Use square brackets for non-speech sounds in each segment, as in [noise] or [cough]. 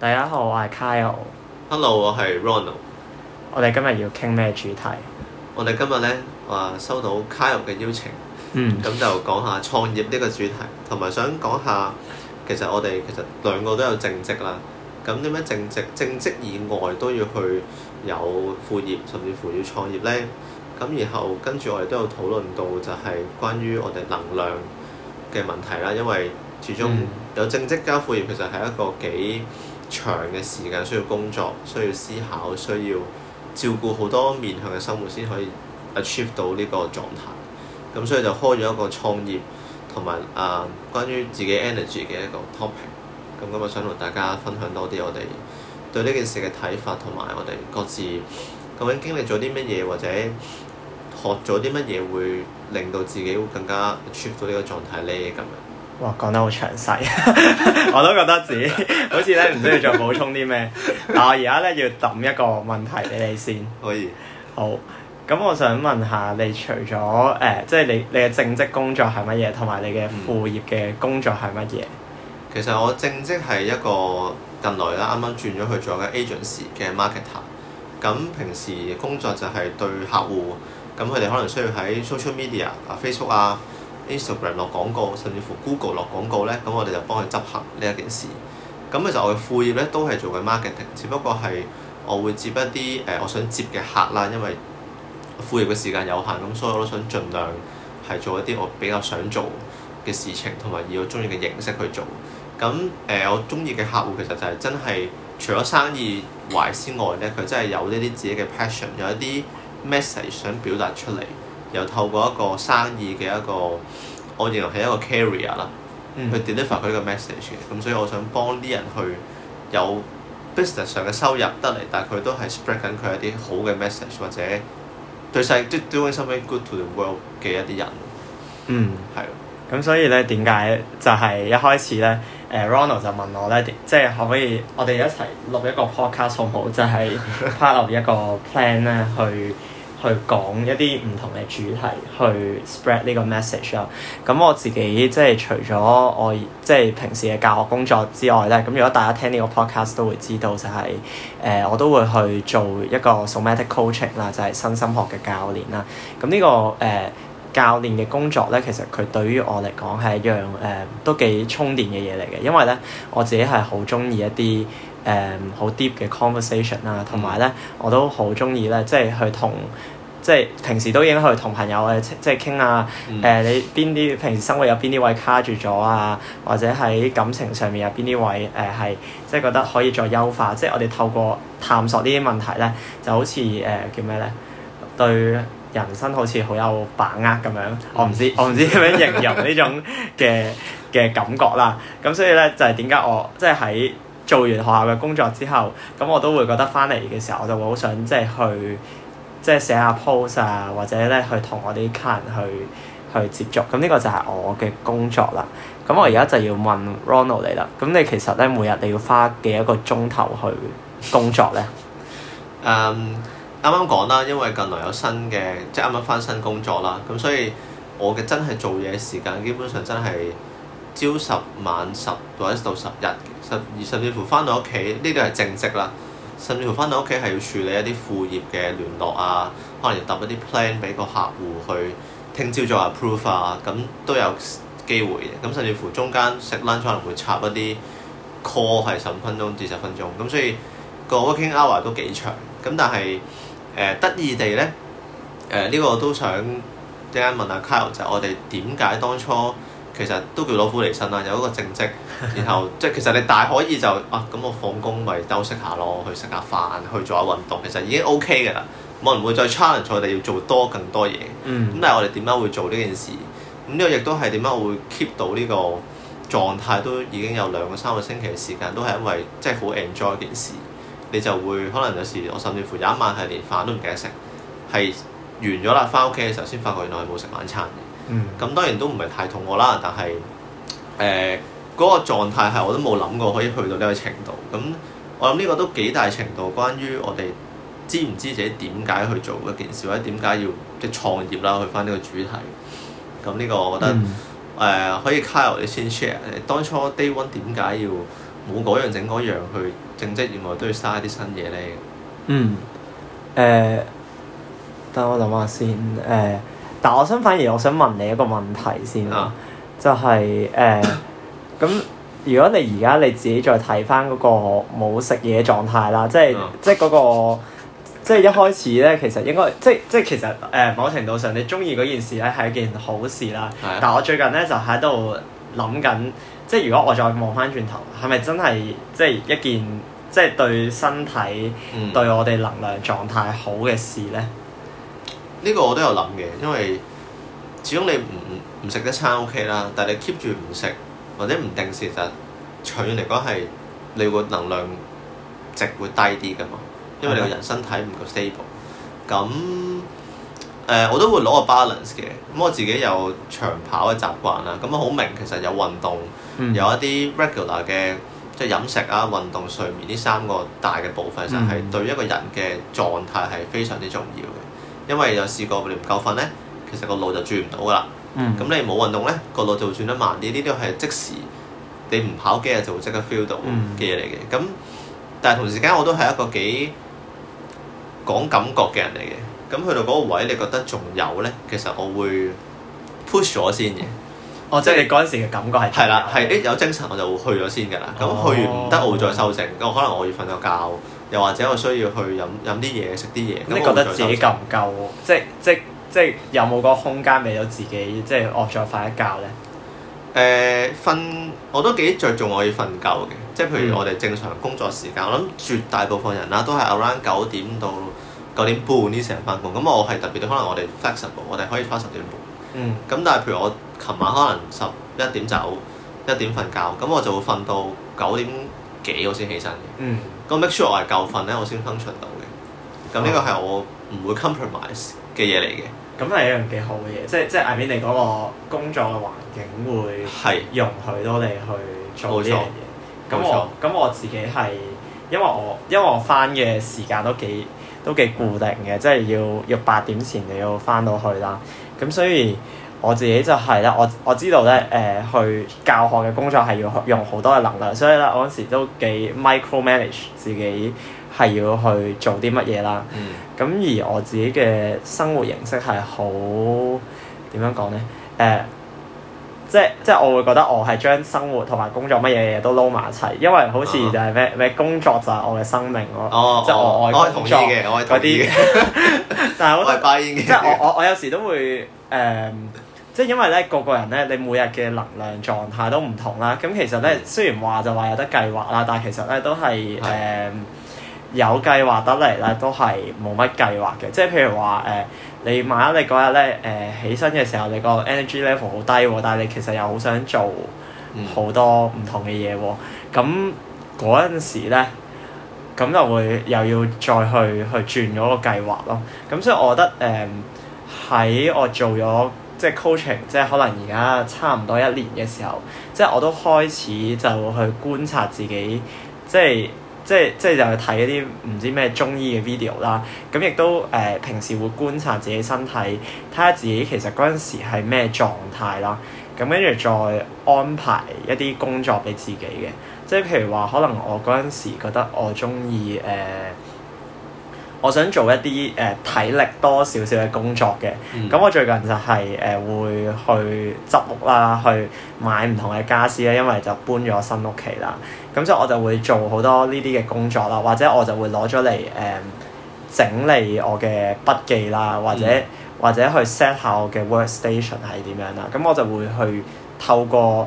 大家好，我係 Kyle。Hello，我係 Ronald。我哋今日要傾咩主題？我哋今日咧話收到 Kyle 嘅邀請，咁、嗯、就講下創業呢個主題，同埋想講下其實我哋其實兩個都有正職啦。咁點解正職正職以外都要去有副業，甚至乎要創業咧？咁然後跟住我哋都有討論到就係關於我哋能量嘅問題啦，因為始終有正職加副業，其實係一個幾～長嘅時間需要工作，需要思考，需要照顧好多面向嘅生活先可以 achieve 到呢個狀態。咁所以就開咗一個創業同埋啊關於自己 energy 嘅一個 topic。咁今日想同大家分享多啲我哋對呢件事嘅睇法，同埋我哋各自究竟經歷咗啲乜嘢，或者學咗啲乜嘢會令到自己會更加 achieve 到呢個狀態呢？咁樣。哇，講得好詳細， [laughs] 我都覺得自己 [laughs] 好似咧，唔需要再補充啲咩。 [laughs] 但我而家咧要揼一個問題畀你先。可以。好，咁我想問下你、呃就是你，你除咗誒，即係你你嘅正職工作係乜嘢，同埋你嘅副業嘅工作係乜嘢？嗯、其實我正職係一個近來啦，啱啱轉咗去做嘅 agency 嘅 marketer，咁平時工作就係對客戶，咁佢哋可能需要喺 social media 啊、Facebook 啊。Instagram 落廣告，甚至乎 Google 落廣告呢，咁我哋就幫佢執行呢一件事。咁其實我嘅副業呢，都係做嘅 marketing，只不過係我會接一啲誒我想接嘅客啦，因為副業嘅時間有限，咁所以我都想盡量係做一啲我比較想做嘅事情，同埋以我中意嘅形式去做。咁誒，我中意嘅客戶其實就係真係除咗生意為先之外呢，佢真係有呢啲自己嘅 passion，有一啲 message 想表達出嚟。又透過一個生意嘅一個，我認為係一個 carrier 啦、嗯，去 deliver 佢呢、嗯、個 message 嘅，咁所以我想幫啲人去有 business 上嘅收入得嚟，但係佢都係 spread 緊佢一啲好嘅 message，或者對世即 doing something good to the world 嘅一啲人。嗯，係的。咁所以咧，點解就係、是、一開始咧，誒、呃、Ronald 就問我咧，即係可唔可以我哋一齊錄一個 podcast 好唔好？就係、是、part of [laughs] 一個 plan 咧去。去講一啲唔同嘅主題去 spread 呢個 message 啦、哦。咁、嗯、我自己即係除咗我即係平時嘅教學工作之外咧，咁如果大家聽呢個 podcast 都會知道就係、是、誒、呃、我都會去做一個 somatic coaching 啦，就係、是、身心學嘅教練啦。咁、嗯、呢、這個誒、呃、教練嘅工作咧，其實佢對於我嚟講係一樣誒、呃、都幾充電嘅嘢嚟嘅，因為咧我自己係好中意一啲。誒好、um, deep 嘅 conversation 啊，同埋咧，我都好中意咧，即係去同即係平時都應該去同朋友誒，即係傾下誒你邊啲平時生活有邊啲位卡住咗啊，或者喺感情上面有邊啲位誒係、呃、即係覺得可以再優化，即係我哋透過探索呢啲問題咧，就好似誒、呃、叫咩咧，對人生好似好有把握咁樣。Mm. 我唔知我唔知點樣形容呢 [laughs] 種嘅嘅感覺啦。咁所以咧就係點解我即係喺。就是做完學校嘅工作之後，咁我都會覺得翻嚟嘅時候，我就會好想即係去，即係寫下 post 啊，或者咧去同我啲客人去去接觸。咁呢個就係我嘅工作啦。咁我而家就要問 Ronald 你啦。咁你其實咧每日你要花幾多個鐘頭去工作咧？誒，啱啱講啦，因為近來有新嘅，即係啱啱翻新工作啦。咁所以，我嘅真係做嘢時間基本上真係。朝十晚十或者11，到十日，甚至乎翻到屋企，呢個係正職啦。甚至乎翻到屋企係要處理一啲副業嘅聯絡啊，可能要揼一啲 plan 俾個客戶去聽朝做下 proof 啊，咁都有機會嘅。咁甚至乎中間食 lunch 可能會插一啲 call，係十五分鐘至十分鐘，咁所以個 working hour 都幾長，咁但係誒、呃、得意地咧，誒、呃、呢、這個都想啱啱問，問下 Kail 就我哋點解當初？其實都叫攞苦離身啦，有一個正職，然後即係其實你大可以就啊，咁我放工咪休息下咯，去食下飯，去做下運動，其實已經 OK 嘅啦，冇人會再 challenge 我哋要做多更多嘢。咁但係我哋點解會做呢件事？咁、這、呢個亦都係點解會 keep 到呢個狀態都已經有兩個三個星期嘅時間，都係因為即係好 enjoy 一件事，你就會可能有時我甚至乎有一晚係連飯都唔記得食，係完咗啦，翻屋企嘅時候先發覺原來冇食晚餐。嗯，咁當然都唔係太痛我啦，但係誒嗰個狀態係我都冇諗過可以去到呢個程度。咁我諗呢個都幾大程度關於我哋知唔知自己點解去做一件事，或者點解要即係創業啦，去翻呢個主題。咁呢個我覺得誒、嗯呃、可以 Kail 你先 share 當初 Day One 點解要冇嗰樣整嗰樣去正職，原來都要嘥啲新嘢咧。嗯。誒、呃，等我諗下先誒。呃但我想反而我想問你一個問題先啦，啊、就係、是，誒、呃，咁，如果你而家你自己再睇翻嗰個冇食嘢狀態啦，就是啊、即係、嗰個，即係嗰個即係一開始咧，其實應該，即係，即係其實，誒、呃、某程度上你中意嗰件事咧係一件好事啦。啊、但係我最近咧就喺度諗緊，即係如果我再望翻轉頭，係咪真係，即係一件即係對身體，嗯、對我哋能量狀態好嘅事咧？呢個我都有諗嘅，因為始終你唔唔食得餐 OK 啦，但係你 keep 住唔食或者唔定時其實長遠嚟講係你會能量值會低啲嘅嘛，因為你個人身體唔夠 stable。咁誒、呃、我都會攞個 balance 嘅，咁我自己有長跑嘅習慣啦，咁我好明其實有運動，嗯、有一啲 regular 嘅即係飲食啊、運動睡眠呢三個大嘅部分，就係對一個人嘅狀態係非常之重要嘅。因為有試過你唔夠瞓咧，其實個腦就轉唔到噶啦。咁、嗯、你冇運動咧，個腦就會轉得慢啲。呢啲係即時，你唔跑幾日就會即刻 feel 到嘅嘢嚟嘅。咁、嗯、但係同時間我都係一個幾講感覺嘅人嚟嘅。咁去到嗰個位，你覺得仲有咧？其實我會 push 咗先嘅。哦，即係你嗰陣時嘅感覺係。係啦，係誒有精神我就會去咗先㗎啦。咁、哦、去完唔得，我會再修正。咁、哦、可能我要瞓個覺。又或者我需要去飲飲啲嘢，食啲嘢咁，嗯、這樣 覺得自己夠唔夠？即即即有冇個空間未有自己，即惡再瞓一覺咧？誒、呃，瞓我都幾着重我要瞓覺嘅，即譬如我哋正常工作時間，嗯、我諗絕大部分人啦都係 around 九點到九點半呢成日返工咁，我係特別可能我哋 flexible，我哋可以返十點半。嗯。咁但係譬如我琴晚可能十一點走，一點瞓覺，咁我就會瞓到九點幾，我先起身嘅。嗯。個 make sure 我係夠瞓咧，我先生存到嘅。咁呢個係我唔會 compromise 嘅嘢嚟嘅。咁係一樣幾好嘅嘢，即係即係 I mean, 你嗰個工作嘅環境會容許到你去做呢樣嘢。咁錯我咁我自己係因為我因為我返嘅時間都幾都幾固定嘅，即係要要八點前你要返到去啦。咁所以。我自己就係、是、啦，我我知道咧誒、呃，去教學嘅工作係要用好多嘅能量，所以咧我嗰時都幾 micromanage 自己係要去做啲乜嘢啦。咁、嗯、而我自己嘅生活形式係好點樣講咧？誒、呃，即係即係我會覺得我係將生活同埋工作乜嘢嘢都撈埋一齊，因為好似就係咩咩工作就係我嘅生命咯。哦、即係我我，我，我同意嘅，我同意嘅。 [laughs] [laughs] 但係我覺得即係我我我有時都會誒。嗯即係因為咧，個個人咧，你每日嘅能量狀態都唔同啦。咁其實咧，雖然話就話有得計劃啦，但係其實咧都係誒的、呃、有計劃得嚟咧，都係冇乜計劃嘅。即係譬如話誒、呃，你萬一你嗰日咧誒起身嘅時候，你個 energy level 好低喎，但係你其實又好想做好多唔同嘅嘢喎。咁嗰陣時咧，咁就會又要再去去轉咗個計劃咯。咁所以我覺得誒喺、呃、我做咗。即係 coaching，即係可能而家差唔多一年嘅時候，即係我都開始就去觀察自己，即係即係即係就去睇一啲唔知咩中醫嘅 video 啦。咁亦都誒、呃、平時會觀察自己身體，睇下自己其實嗰陣時係咩狀態啦。咁跟住再安排一啲工作俾自己嘅，即係譬如話可能我嗰陣時覺得我鍾意誒、呃我想做一啲誒、呃、體力多少少嘅工作嘅，咁、嗯、我最近就係、是、誒、呃、會去執屋啦，去買唔同嘅家私啦，因為就搬咗新屋企啦。咁即係我就會做好多呢啲嘅工作啦，或者我就會攞咗嚟誒整理我嘅筆記啦，或者、嗯、或者去 set 下我嘅 workstation 係點樣啦。咁我就會去透過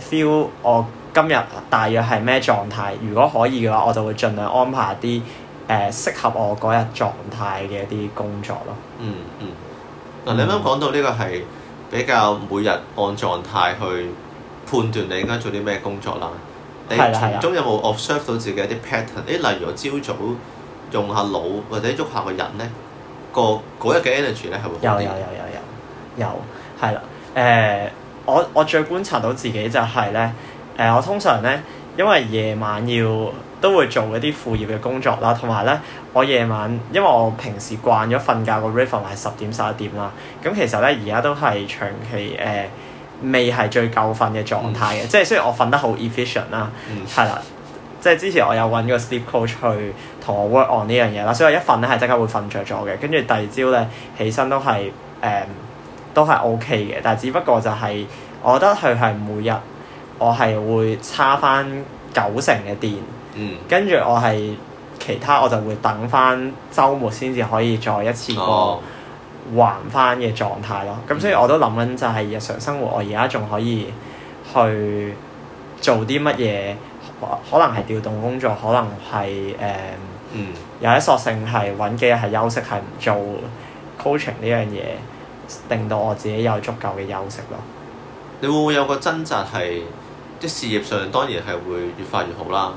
feel 我今日大約係咩狀態，如果可以嘅話，我就會盡量安排一啲。誒、呃、適合我嗰日狀態嘅一啲工作咯。嗯嗯。嗱、嗯啊，你啱啱講到呢個係比較每日按狀態去判斷你應該做啲咩工作啦。係啦。你從，從中有冇 observe 到自己一啲 pattern？誒、哎，例如我朝早用下腦或者喐下個人咧，個嗰日嘅 energy 咧係會好啲。有有有有有有，係啦。誒、呃，我我最觀察到自己就係咧，誒、呃，我通常咧。因為夜晚要都會做一啲副業嘅工作啦，同埋咧，我夜晚因為我平時慣咗瞓覺個 rhythm 係十點十一點啦，咁其實咧而家都係長期誒、呃、未係最夠瞓嘅狀態嘅，嗯、即係雖然我瞓得好 efficient 啦，係、嗯、啦，即係之前我有揾個 sleep coach 去同我 work on 呢樣嘢啦，所以我一瞓咧係即刻會瞓着咗嘅，跟住第二朝咧起身都係誒、呃、都係 O K 嘅，但係只不過就係、是、我覺得佢係每日。我係會叉翻九成嘅電，跟住、嗯、我係其他我就會等翻週末先至可以再一次過還翻嘅狀態咯。咁、嗯、所以我都諗緊就係日常生活，我而家仲可以去做啲乜嘢？可能係調動工作，可能係誒、呃嗯、有一索性係揾幾日係休息，係唔做 coaching 呢樣嘢，令到我自己有足夠嘅休息咯。你會唔會有個掙扎係？啲事業上當然係會越快越好啦，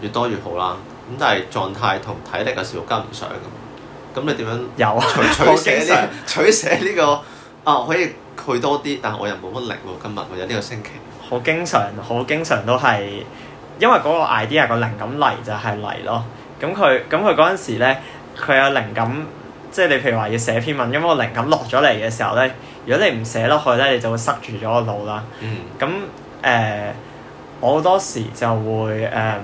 越、嗯、多越好啦。咁但係狀態同體力嘅時候跟唔上咁，咁你點樣有？有啊。取取捨呢個啊可以去多啲，但係我又冇乜力喎。今日我有呢個星期。好經常，好經常都係因為嗰個 idea 個靈感嚟就係嚟咯。咁佢咁佢嗰陣時咧，佢有靈感，即係你譬如話要寫篇文，因為個靈感落咗嚟嘅時候咧，如果你唔寫落去咧，你就會塞住咗個腦啦。嗯。咁。誒、呃，我好多時就會誒、呃、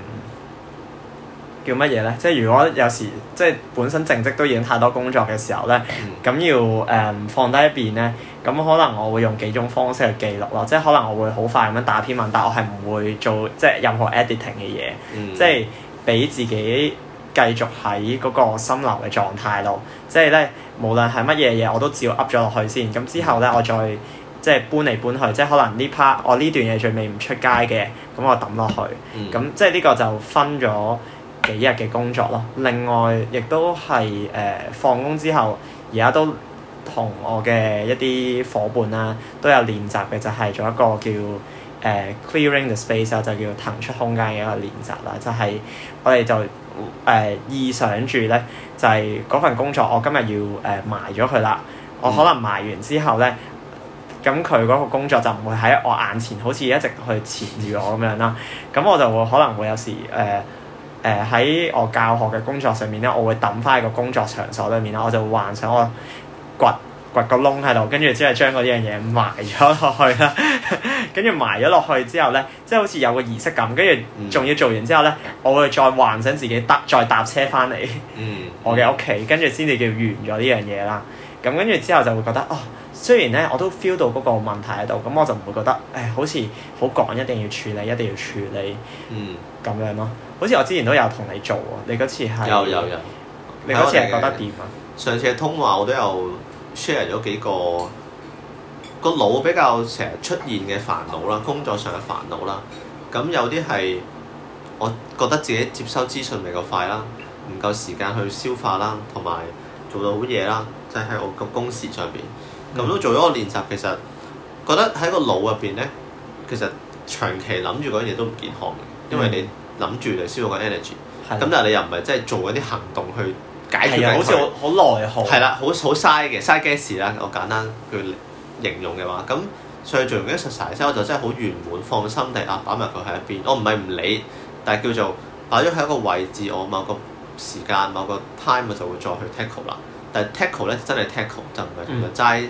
叫乜嘢咧？即係如果有時即係本身正職都已經太多工作嘅時候咧，咁、嗯、要誒、呃、放低一邊咧，咁可能我會用幾種方式去記錄咯。即係可能我會好快咁樣打篇文，但我係唔會做即係任何 editing 嘅嘢，嗯、即係俾自己繼續喺嗰個心流嘅狀態度。即係咧，無論係乜嘢嘢，我都照要噏咗落去先。咁之後咧，我再。即係搬嚟搬去，即係可能呢 part 我呢段嘢最未唔出街嘅，咁我抌落去，咁、嗯、即係呢個就分咗幾日嘅工作咯。另外，亦都係誒放工之後，而家都同我嘅一啲伙伴啦，都有練習嘅，就係、是、做一個叫、呃、clearing the space 就叫騰出空間嘅一個練習啦。就係、是、我哋就誒、呃、意想住咧，就係、是、嗰份工作我今日要誒埋咗佢啦，呃了了嗯、我可能埋完之後咧。咁佢嗰個工作就唔會喺我眼前，好似一直去纏住我咁樣啦。咁我就會可能會有時誒誒喺我教學嘅工作上面咧，我會抌翻喺個工作場所裡面啦。我就幻想我掘掘個窿喺度，跟住之後將嗰啲嘢埋咗落去啦。跟 [laughs] 住埋咗落去之後咧，即係好似有個儀式感。跟住仲要做完之後咧，我會再幻想自己搭再搭車翻嚟我嘅屋企，跟住先至叫完咗呢樣嘢啦。咁跟住之後就會覺得哦，雖然咧我都 feel 到嗰個問題喺度，咁我就唔會覺得誒，好似好趕，一定要處理，一定要處理，嗯，咁樣咯。好似我之前都有同你做，你嗰次係有有有，有有你嗰次係覺得點啊？上次嘅通話我都有 share 咗幾個個腦比較成日出現嘅煩惱啦，工作上嘅煩惱啦。咁有啲係我覺得自己接收資訊未夠快啦，唔夠時間去消化啦，同埋做到好嘢啦。就係我個工時上邊，咁都、嗯、做咗個練習，其實覺得喺個腦入邊咧，其實長期諗住嗰樣嘢都唔健康嘅，嗯、因為你諗住就消耗個 energy，咁的但係你又唔係即係做一啲行動去解決、那個、的好似好他內耗。係啦，好好嘥嘅，嘥 gas 啦，我簡單去形容嘅話，咁所以做完嗰啲實習之後，我就真係好圓滿、放心地啊擺埋佢喺一邊。我唔係唔理，但係叫做擺咗喺一個位置，我某個時間、某個 time 我就會再去 tackle 啦。誒 tackle 咧，真係 tackle 就唔係同佢齋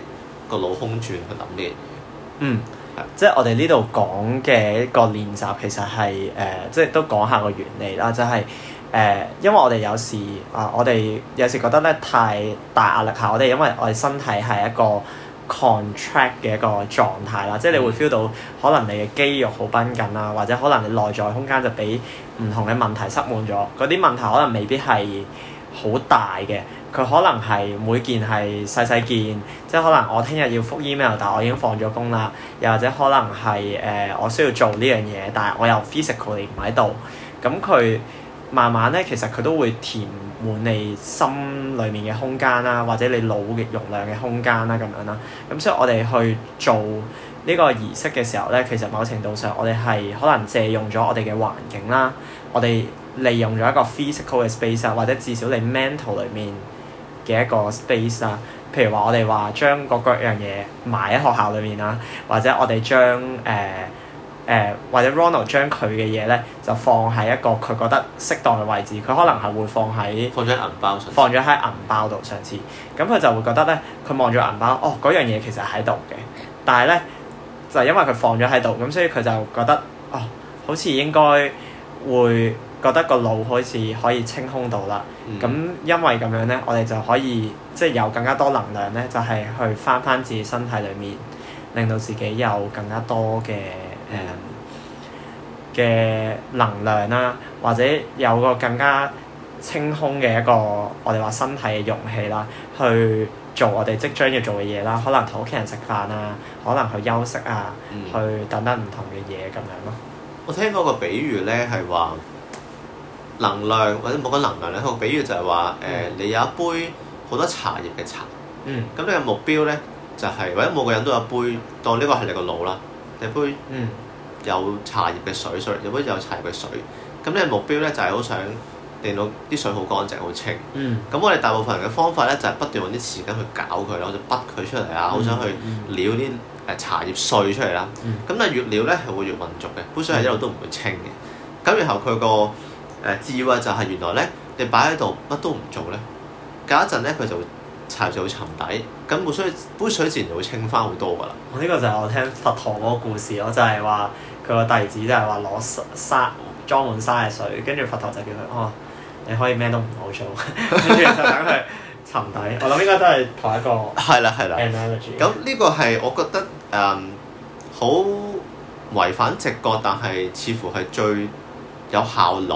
個腦空轉去諗嘢。嗯，是即係我哋呢度講嘅一個練習，其實係誒、呃，即係都講下個原理啦，就係、是、誒、呃，因為我哋有時啊、呃，我哋有時覺得咧，太大壓力下，我哋因為我哋身體係一個 contract 嘅一個狀態啦，即係你會 feel 到可能你嘅肌肉好繃緊啦，或者可能你內在空間就俾唔同嘅問題塞滿咗，嗰啲問題可能未必係。好大嘅，佢可能係每件係細細件，即係可能我聽日要覆 email，但我已經放咗工啦，又或者可能係誒、呃、我需要做呢樣嘢，但係我又 physical 唔喺度，咁佢慢慢咧，其實佢都會填滿你心裡面嘅空間啦，或者你腦嘅容量嘅空間啦，咁樣啦，咁所以我哋去做呢個儀式嘅時候咧，其實某程度上我哋係可能借用咗我哋嘅環境啦，我哋。利用咗一個 physical 嘅 space 啊，或者至少你 mental 裏面嘅一個 space 啊。譬如話，我哋話將嗰樣嘢埋喺學校裏面啊，或者我哋將誒誒或者 Ronald 將佢嘅嘢咧，就放喺一個佢覺得適當嘅位置。佢可能係會放喺放咗喺銀包上，放咗喺銀包度上次。咁佢就會覺得咧，佢望住銀包，哦，嗰樣嘢其實喺度嘅，但係咧就因為佢放咗喺度，咁所以佢就覺得哦，好似應該會。覺得個腦開始可以清空到啦，咁、嗯、因為咁樣咧，我哋就可以即係、就是、有更加多能量咧，就係、是、去返返自己身體裡面，令到自己有更加多嘅誒嘅能量啦，或者有個更加清空嘅一個我哋話身體嘅容器啦，去做我哋即將要做嘅嘢啦，可能同屋企人食飯啊，可能去休息啊，嗯、去等等唔同嘅嘢咁樣咯。我聽過個比喻咧，係話，能量或者冇個能量咧，好比喻就係話誒，你有一杯好多茶葉嘅茶，咁、嗯、你嘅目標咧就係、是、或者每個人都有杯當呢個係你個腦啦，你杯有茶葉嘅水，水有杯有茶葉嘅水，咁你嘅目標咧就係、是、好想令到啲水好乾淨好清。咁、嗯、我哋大部分人嘅方法咧就係、是、不斷揾啲時間去搞佢咯，就濁佢出嚟啊，好、嗯嗯、想去撩啲誒茶葉碎出嚟啦。咁、嗯嗯、但係越撩咧係會越混濁嘅，杯水係一路都唔會清嘅。咁、嗯、然後佢個誒智慧就係原來咧，你擺喺度乜都唔做咧，隔一陣咧佢就巢就會沉底，咁所以杯水自然就會清翻好多噶啦。呢個就係我聽佛陀嗰個故事咯，我就係話佢個弟子就係話攞沙裝滿沙嘅水，跟住佛陀就叫佢哦，你可以咩都唔好做，跟住就等佢沉底。 [laughs] 我諗應該都係同一個 analogy。係啦係啦。咁呢個係我覺得誒好違反直覺，但係似乎係最有效率，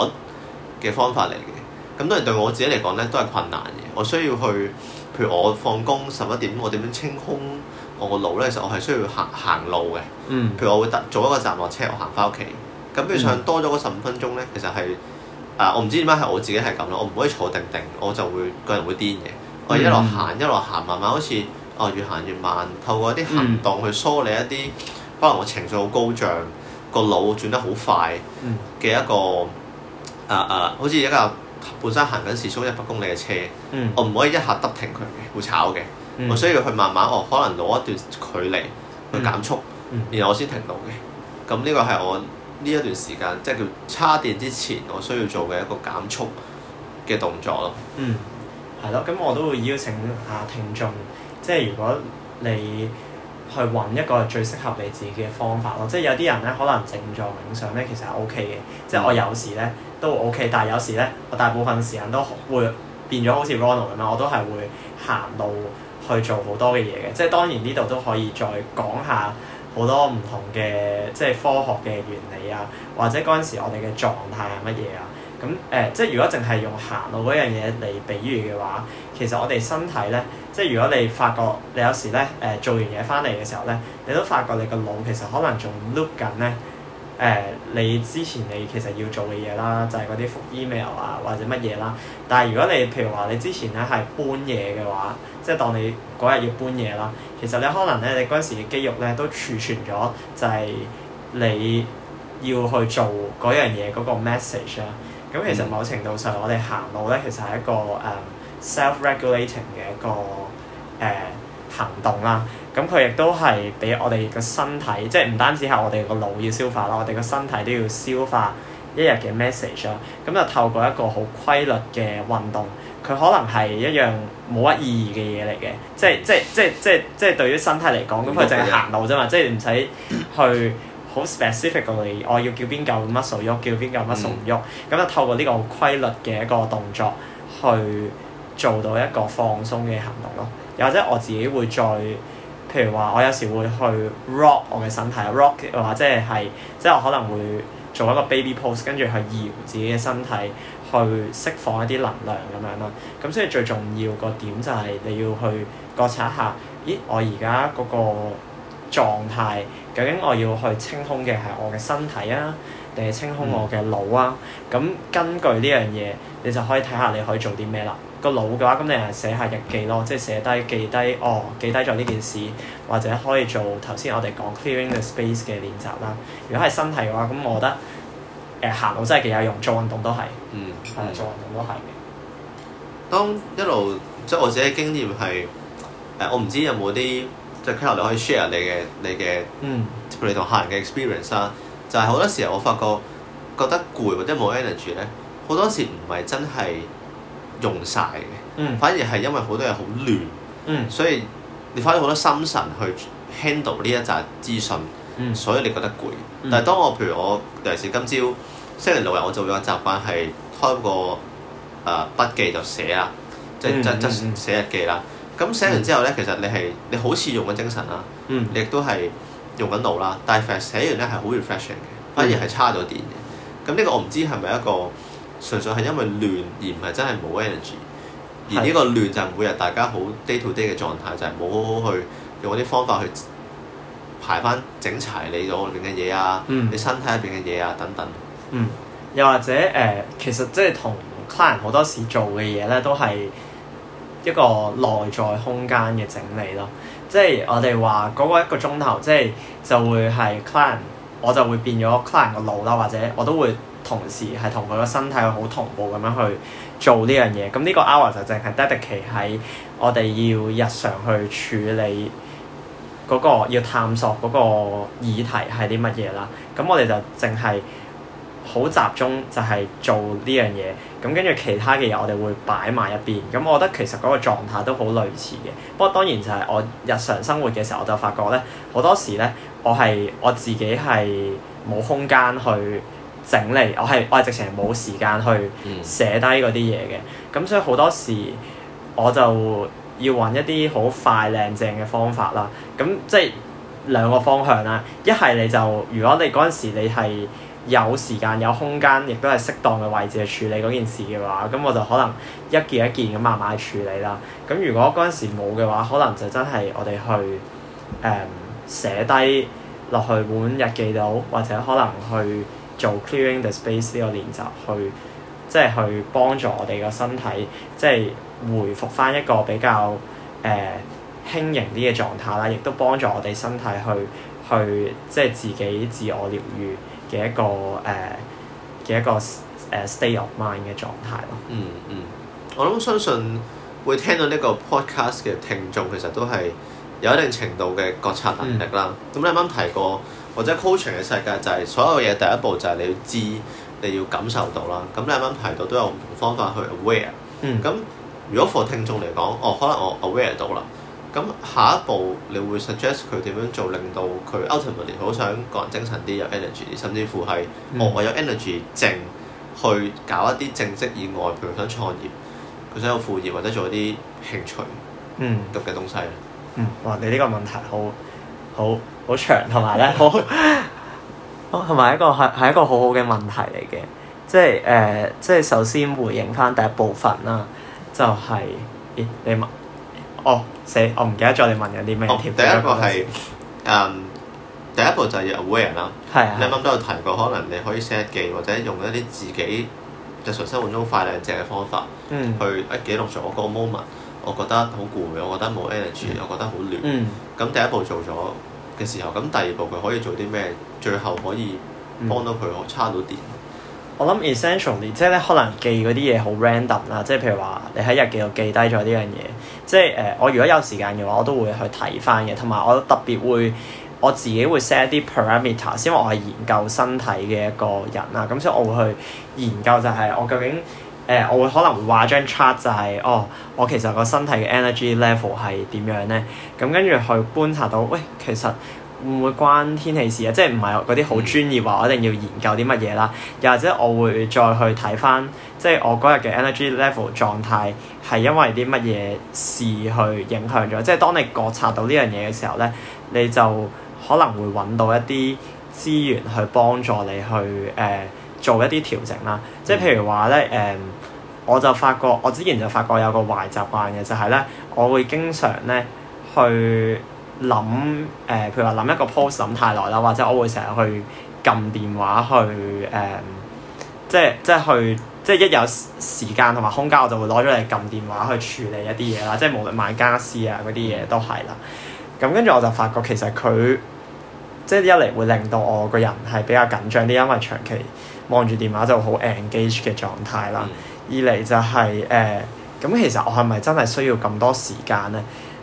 嘅方法嚟嘅，咁當然對我自己嚟講咧都係困難嘅。我需要去，譬如我放工十一點，我點樣清空我個腦咧？其實我係需要行行路嘅。嗯、譬如我會搭早一個站落車，我行翻屋企。咁譬如上多咗嗰十五分鐘咧，其實係啊、呃，我唔知點解係我自己係咁咯。我唔可以坐定定，我就會個人會癲嘅。我一路行、嗯、一路行，慢慢好似哦越行越慢，透過啲行動去梳理一啲，可能、嗯、我情緒好高漲，個腦轉得好快嘅一個。嗯啊啊！Uh, uh, 好似一架本身行緊時速一百公里嘅車，嗯、我唔可以一下得停佢，會炒嘅。嗯、我需要去慢慢，我可能攞一段距離去減速，嗯、然後我先停到嘅。咁呢個係我呢一段時間即係叫叉電之前，我需要做嘅一個減速嘅動作咯。嗯，係咯。咁我都會邀請下聽眾，即係如果你去揾一個最適合你自己嘅方法咯。即係有啲人咧，可能靜坐冥想咧，其實係 OK 嘅。即係、嗯、我有時咧。都 OK，但係有時咧，我大部分時間都會變咗好似 Ronald 咁樣，我都係會行路去做好多嘅嘢嘅。即係當然呢度都可以再講下好多唔同嘅即係科學嘅原理啊，或者嗰陣時我哋嘅狀態係乜嘢啊？咁誒、呃，即係如果淨係用行路嗰樣嘢嚟比喻嘅話，其實我哋身體咧，即係如果你發覺你有時咧誒、呃、做完嘢翻嚟嘅時候咧，你都發覺你個腦其實可能仲碌緊咧。誒、呃，你之前你其實要做嘅嘢啦，就係嗰啲覆 email 啊，或者乜嘢啦。但係如果你譬如話你之前咧係搬嘢嘅話，即係當你嗰日要搬嘢啦，其實你可能咧你嗰陣時嘅肌肉咧都儲存咗，就係你要去做嗰樣嘢嗰、嗰個 message 啦、啊。咁其實某程度上我，我哋行路咧其實係一個誒、uh, self-regulating 嘅一個誒、uh, 行動啦。咁佢亦都係俾我哋個身體，即係唔單止係我哋個腦要消化啦，嗯、我哋個身體都要消化一日嘅 message 啊。咁就透過一個好規律嘅運動，佢可能係一樣冇乜意義嘅嘢嚟嘅，即係即係即係即係即係對於身體嚟講，咁佢淨係行路啫嘛，嗯、即係唔使去好 specifically 我要叫邊嚿 muscle 喐，叫邊嚿 muscle 喐。咁、嗯、就透過呢個好規律嘅一個動作去做到一個放鬆嘅行動咯，又或者我自己會再。譬如話，我有時會去 rock 我嘅身體，rock 嘅話即係係，即係我可能會做一個 baby pose，跟住去搖自己嘅身體，去釋放一啲能量咁樣咯。咁所以最重要個點就係你要去覺察一下，咦，我而家嗰個狀態，究竟我要去清空嘅係我嘅身體啊，定係清空我嘅腦啊？咁、嗯、根據呢樣嘢，你就可以睇下你可以做啲咩啦。個腦嘅話，咁你係寫下日記咯，即係寫低記低哦，記低咗呢件事，或者可以做頭先我哋講 clearing the space 嘅練習啦。如果係身體嘅話，咁我覺得誒、呃、行路真係幾有用，做運動都係、嗯。嗯。誒，做運動都係嘅。當一路即係我自己經驗係誒、呃，我唔知有冇啲即係你可以 share 你嘅你嘅，你嗯，譬如同客人嘅 experience 啦，就係好多時候我發覺覺得攰或者冇 energy 咧，好多時唔係真係，用晒嘅，反而係因為好多嘢好亂，嗯、所以你花咗好多心神去 handle 呢一紮資訊，嗯、所以你覺得攰。嗯、但係當我譬如我尤其是今朝星期六日，我就有個習慣係開個筆、呃、記就寫啦，即係即即寫日記啦。咁寫、嗯嗯、完之後咧，其實你係你好似用緊精神啦，嗯、你亦都係用緊腦啦。但係寫完咧係好 refreshing 嘅，反而係差咗電嘅。咁呢個我唔知係咪一個。純粹係因為亂而唔係真係冇 energy，而呢個亂就每日大家好 day to day 嘅狀態就係冇好好去用啲方法去排翻整齊你腦入邊嘅嘢啊，嗯、你身體入邊嘅嘢啊等等、嗯。又或者誒、呃，其實即係同 client 好多時做嘅嘢咧，都係一個內在空間嘅整理咯。即、就、係、是、我哋話嗰個一個鐘頭，即、就、係、是、就會係 client 我就會變咗 client 個腦啦，或者我都會。同時係同佢個身體好同步咁樣去做呢樣嘢，咁呢個 hour 就淨係 dedicate 喺我哋要日常去處理嗰個要探索嗰個議題係啲乜嘢啦。咁我哋就淨係好集中就，就係做呢樣嘢。咁跟住其他嘅嘢，我哋會擺埋一邊。咁我覺得其實嗰個狀態都好類似嘅。不過當然就係我日常生活嘅時候，我就發覺咧好多時咧，我係我自己係冇空間去。整理，我係我係直情冇時間去寫低嗰啲嘢嘅。咁所以好多時我就要揾一啲好快靚正嘅方法啦。咁即係兩個方向啦。一係你就如果你嗰陣時你係有時間有空間，亦都係適當嘅位置去處理嗰件事嘅話，咁我就可能一件一件咁慢慢地處理啦。咁如果嗰陣時冇嘅話，可能就真係我哋去誒、嗯、寫低落去本日記度，或者可能去，做 clearing the space 呢個練習，去即係去幫助我哋個身體，即係回復翻一個比較誒輕、呃、盈啲嘅狀態啦，亦都幫助我哋身體去去即係自己自我療愈嘅一個誒嘅、呃、一個誒 state of mind 嘅狀態咯。嗯嗯，我諗相信會聽到呢個 podcast 嘅聽眾其實都係有一定程度嘅覺察能力啦。咁、嗯、你啱啱提過。或者 coaching 嘅世界就係、是、所有嘢第一步就係你要知，你要感受到啦。咁你啱啱提到都有唔同方法去 aware。嗯。咁如果 for 聽眾嚟講，哦，可能我 aware 到啦。咁下一步你會 suggest 佢點樣做，令到佢 ultimately 好想個人精神啲，有 energy 甚至乎係、嗯、哦，我有 energy 正去搞一啲正職以外，譬如想創業，佢想有副業或者做一啲興趣。嗯。咁嘅東西。嗯，你呢個問題好好。好好長同埋咧，好同埋一個係係一個好好嘅問題嚟嘅，即係誒、呃，即係首先回應翻第一部分啦，就係、是、咦、欸、你問，哦，死，我唔記得咗你問有啲咩？哦，第一個係 [laughs] 嗯，第一步就係 awareness 啦、啊， 你啱啱都有提過，可能你可以 set 記或者用一啲自己日常生活中快靚正嘅方法，嗯、去一記錄咗嗰個 moment，我覺得好攰，我覺得冇 energy，我覺得好亂，嗯，咁、嗯嗯、第一步做咗。嘅時候，咁第二步佢可以做啲咩？最後可以幫到佢、嗯，多我差到電。我諗 essentially 即係咧，可能記嗰啲嘢好 random 啦，即係譬如話你喺日記度記低咗呢樣嘢，即係誒，我如果有時間嘅話，我都會去睇翻嘅。同埋我特別會我自己會 set 啲 parameter，因為我係研究身體嘅一個人啦，咁所以我會去研究就係我究竟。誒、呃，我會可能會畫張 chart 就係、是，哦，我其實個身體嘅 energy level 係點樣咧？咁跟住去觀察到，喂，其實會唔會天氣關天氣事啊？即係唔係嗰啲好專業話我一定要研究啲乜嘢啦？又或者我會再去睇返，即係我嗰日嘅 energy level 狀態係因為啲乜嘢事去影響咗？即係當你覺察到呢樣嘢嘅時候咧，你就可能會揾到一啲資源去幫助你去誒。呃做一啲調整啦，即係譬如話咧，誒、嗯，我就發覺我之前就發覺有個壞習慣嘅，就係、是、咧，我會經常咧去諗，誒、呃，譬如話諗一個 post 諗太耐啦，或者我會成日去撳電話去，誒、嗯，即係即係去，即係一有時間同埋空間，我就會攞咗嚟撳電話去處理一啲嘢啦，即係無論買傢俬啊嗰啲嘢都係啦。咁跟住我就發覺其實佢，即係一嚟會令到我個人係比較緊張啲，因為長期，望住電話就好 engage 嘅狀態啦。二嚟、嗯、就係、是、誒，咁、呃、其實我係咪真係需要咁多時間呢？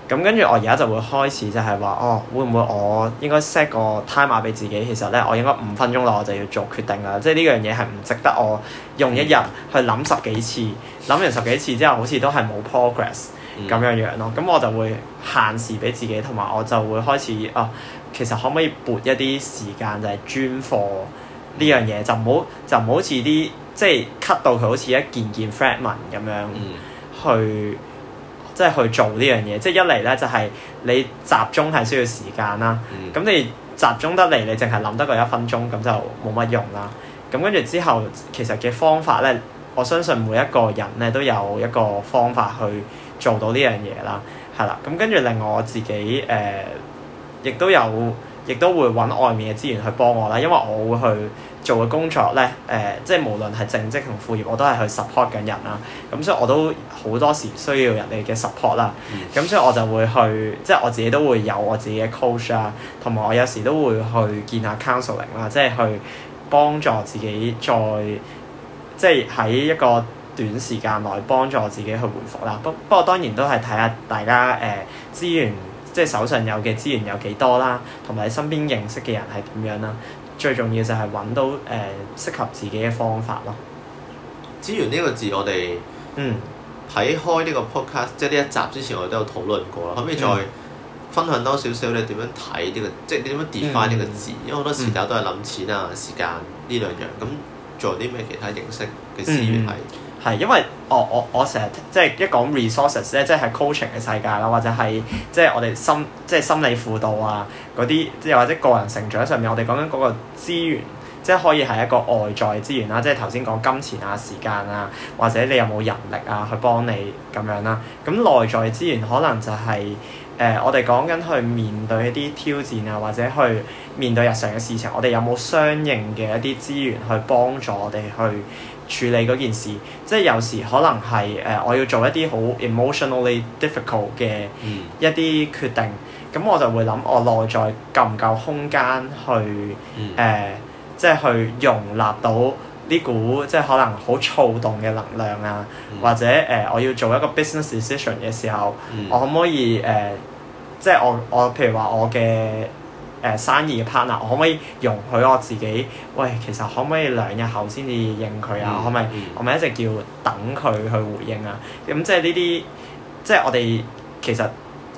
咁跟住我而家就會開始就係話，哦，會唔會我應該 set 個 time 碼俾自己？其實咧，我應該五分鐘內我就要做決定啦。即係呢樣嘢係唔值得我用一日去諗十幾次，諗完十幾次之後好似都係冇 progress 咁、嗯、樣樣咯。咁我就會限時俾自己，同埋我就會開始啊、哦，其實可唔可以撥一啲時間就係、是、專課？呢樣嘢就唔好就唔好似啲即係 cut 到佢好似一件件 fragment 咁樣、mm. 去即係去做呢樣嘢，即係一嚟咧就係、是、你集中係需要時間啦，咁、mm. 你集中得嚟你淨係諗得個一分鐘咁就冇乜用啦。咁跟住之後其實嘅方法咧，我相信每一個人咧都有一個方法去做到呢樣嘢啦，係啦。咁跟住令我自己誒、呃、亦都有。亦都會揾外面嘅資源去幫我啦，因為我會去做嘅工作呢，誒、呃，即係無論係正職同副業，我都係去 support 緊人啦。咁所以我都好多時需要人哋嘅 support 啦。咁所以我就會去，即係我自己都會有我自己嘅 coach 啊，同埋我有時都會去見下 counseling 啦，即係去幫助自己再，即係喺一個短時間內幫助自己去回復啦。不不過當然都係睇下大家誒、呃、資源。即係手上有嘅資源有幾多啦，同埋你身邊認識嘅人係點樣啦？最重要就係揾到誒、呃、適合自己嘅方法咯。資源呢個字，我哋嗯睇開呢個 podcast，即係呢一集之前我都有討論過啦。可唔可以再分享多少少你點樣睇呢、這個，嗯、即你點樣 define 呢個字，嗯、因為好多時大家都係諗錢啊、時間呢兩樣。咁仲有啲咩其他形式嘅資源嚟？嗯嗯係，因為我我我成日即係一講 resources 咧，即係喺 coaching 嘅世界啦，或者係即係我哋心即係心理輔導啊嗰啲，即係或者個人成長上面，我哋講緊嗰個資源，即係可以係一個外在資源啦，即係頭先講金錢啊、時間啊，或者你有冇人力啊去幫你咁樣啦、啊。咁內在資源可能就係、是、誒、呃，我哋講緊去面對一啲挑戰啊，或者去面對日常嘅事情，我哋有冇相應嘅一啲資源去幫助我哋去處理嗰件事，即係有時可能係誒、呃，我要做一啲好 emotionally difficult 嘅一啲決定，咁、嗯、我就會諗我內在夠唔夠空間去誒、嗯呃，即係去容納到呢股即係可能好躁動嘅能量啊，嗯、或者誒、呃，我要做一個 business decision 嘅時候，嗯、我可唔可以誒、呃，即係我我譬如話我嘅。誒生意嘅 partner，我可唔可以容許我自己，喂，其實可唔可以兩日後先至應佢啊？嗯、我可唔可咪一直叫等佢去回應啊？咁即係呢啲，即係我哋其實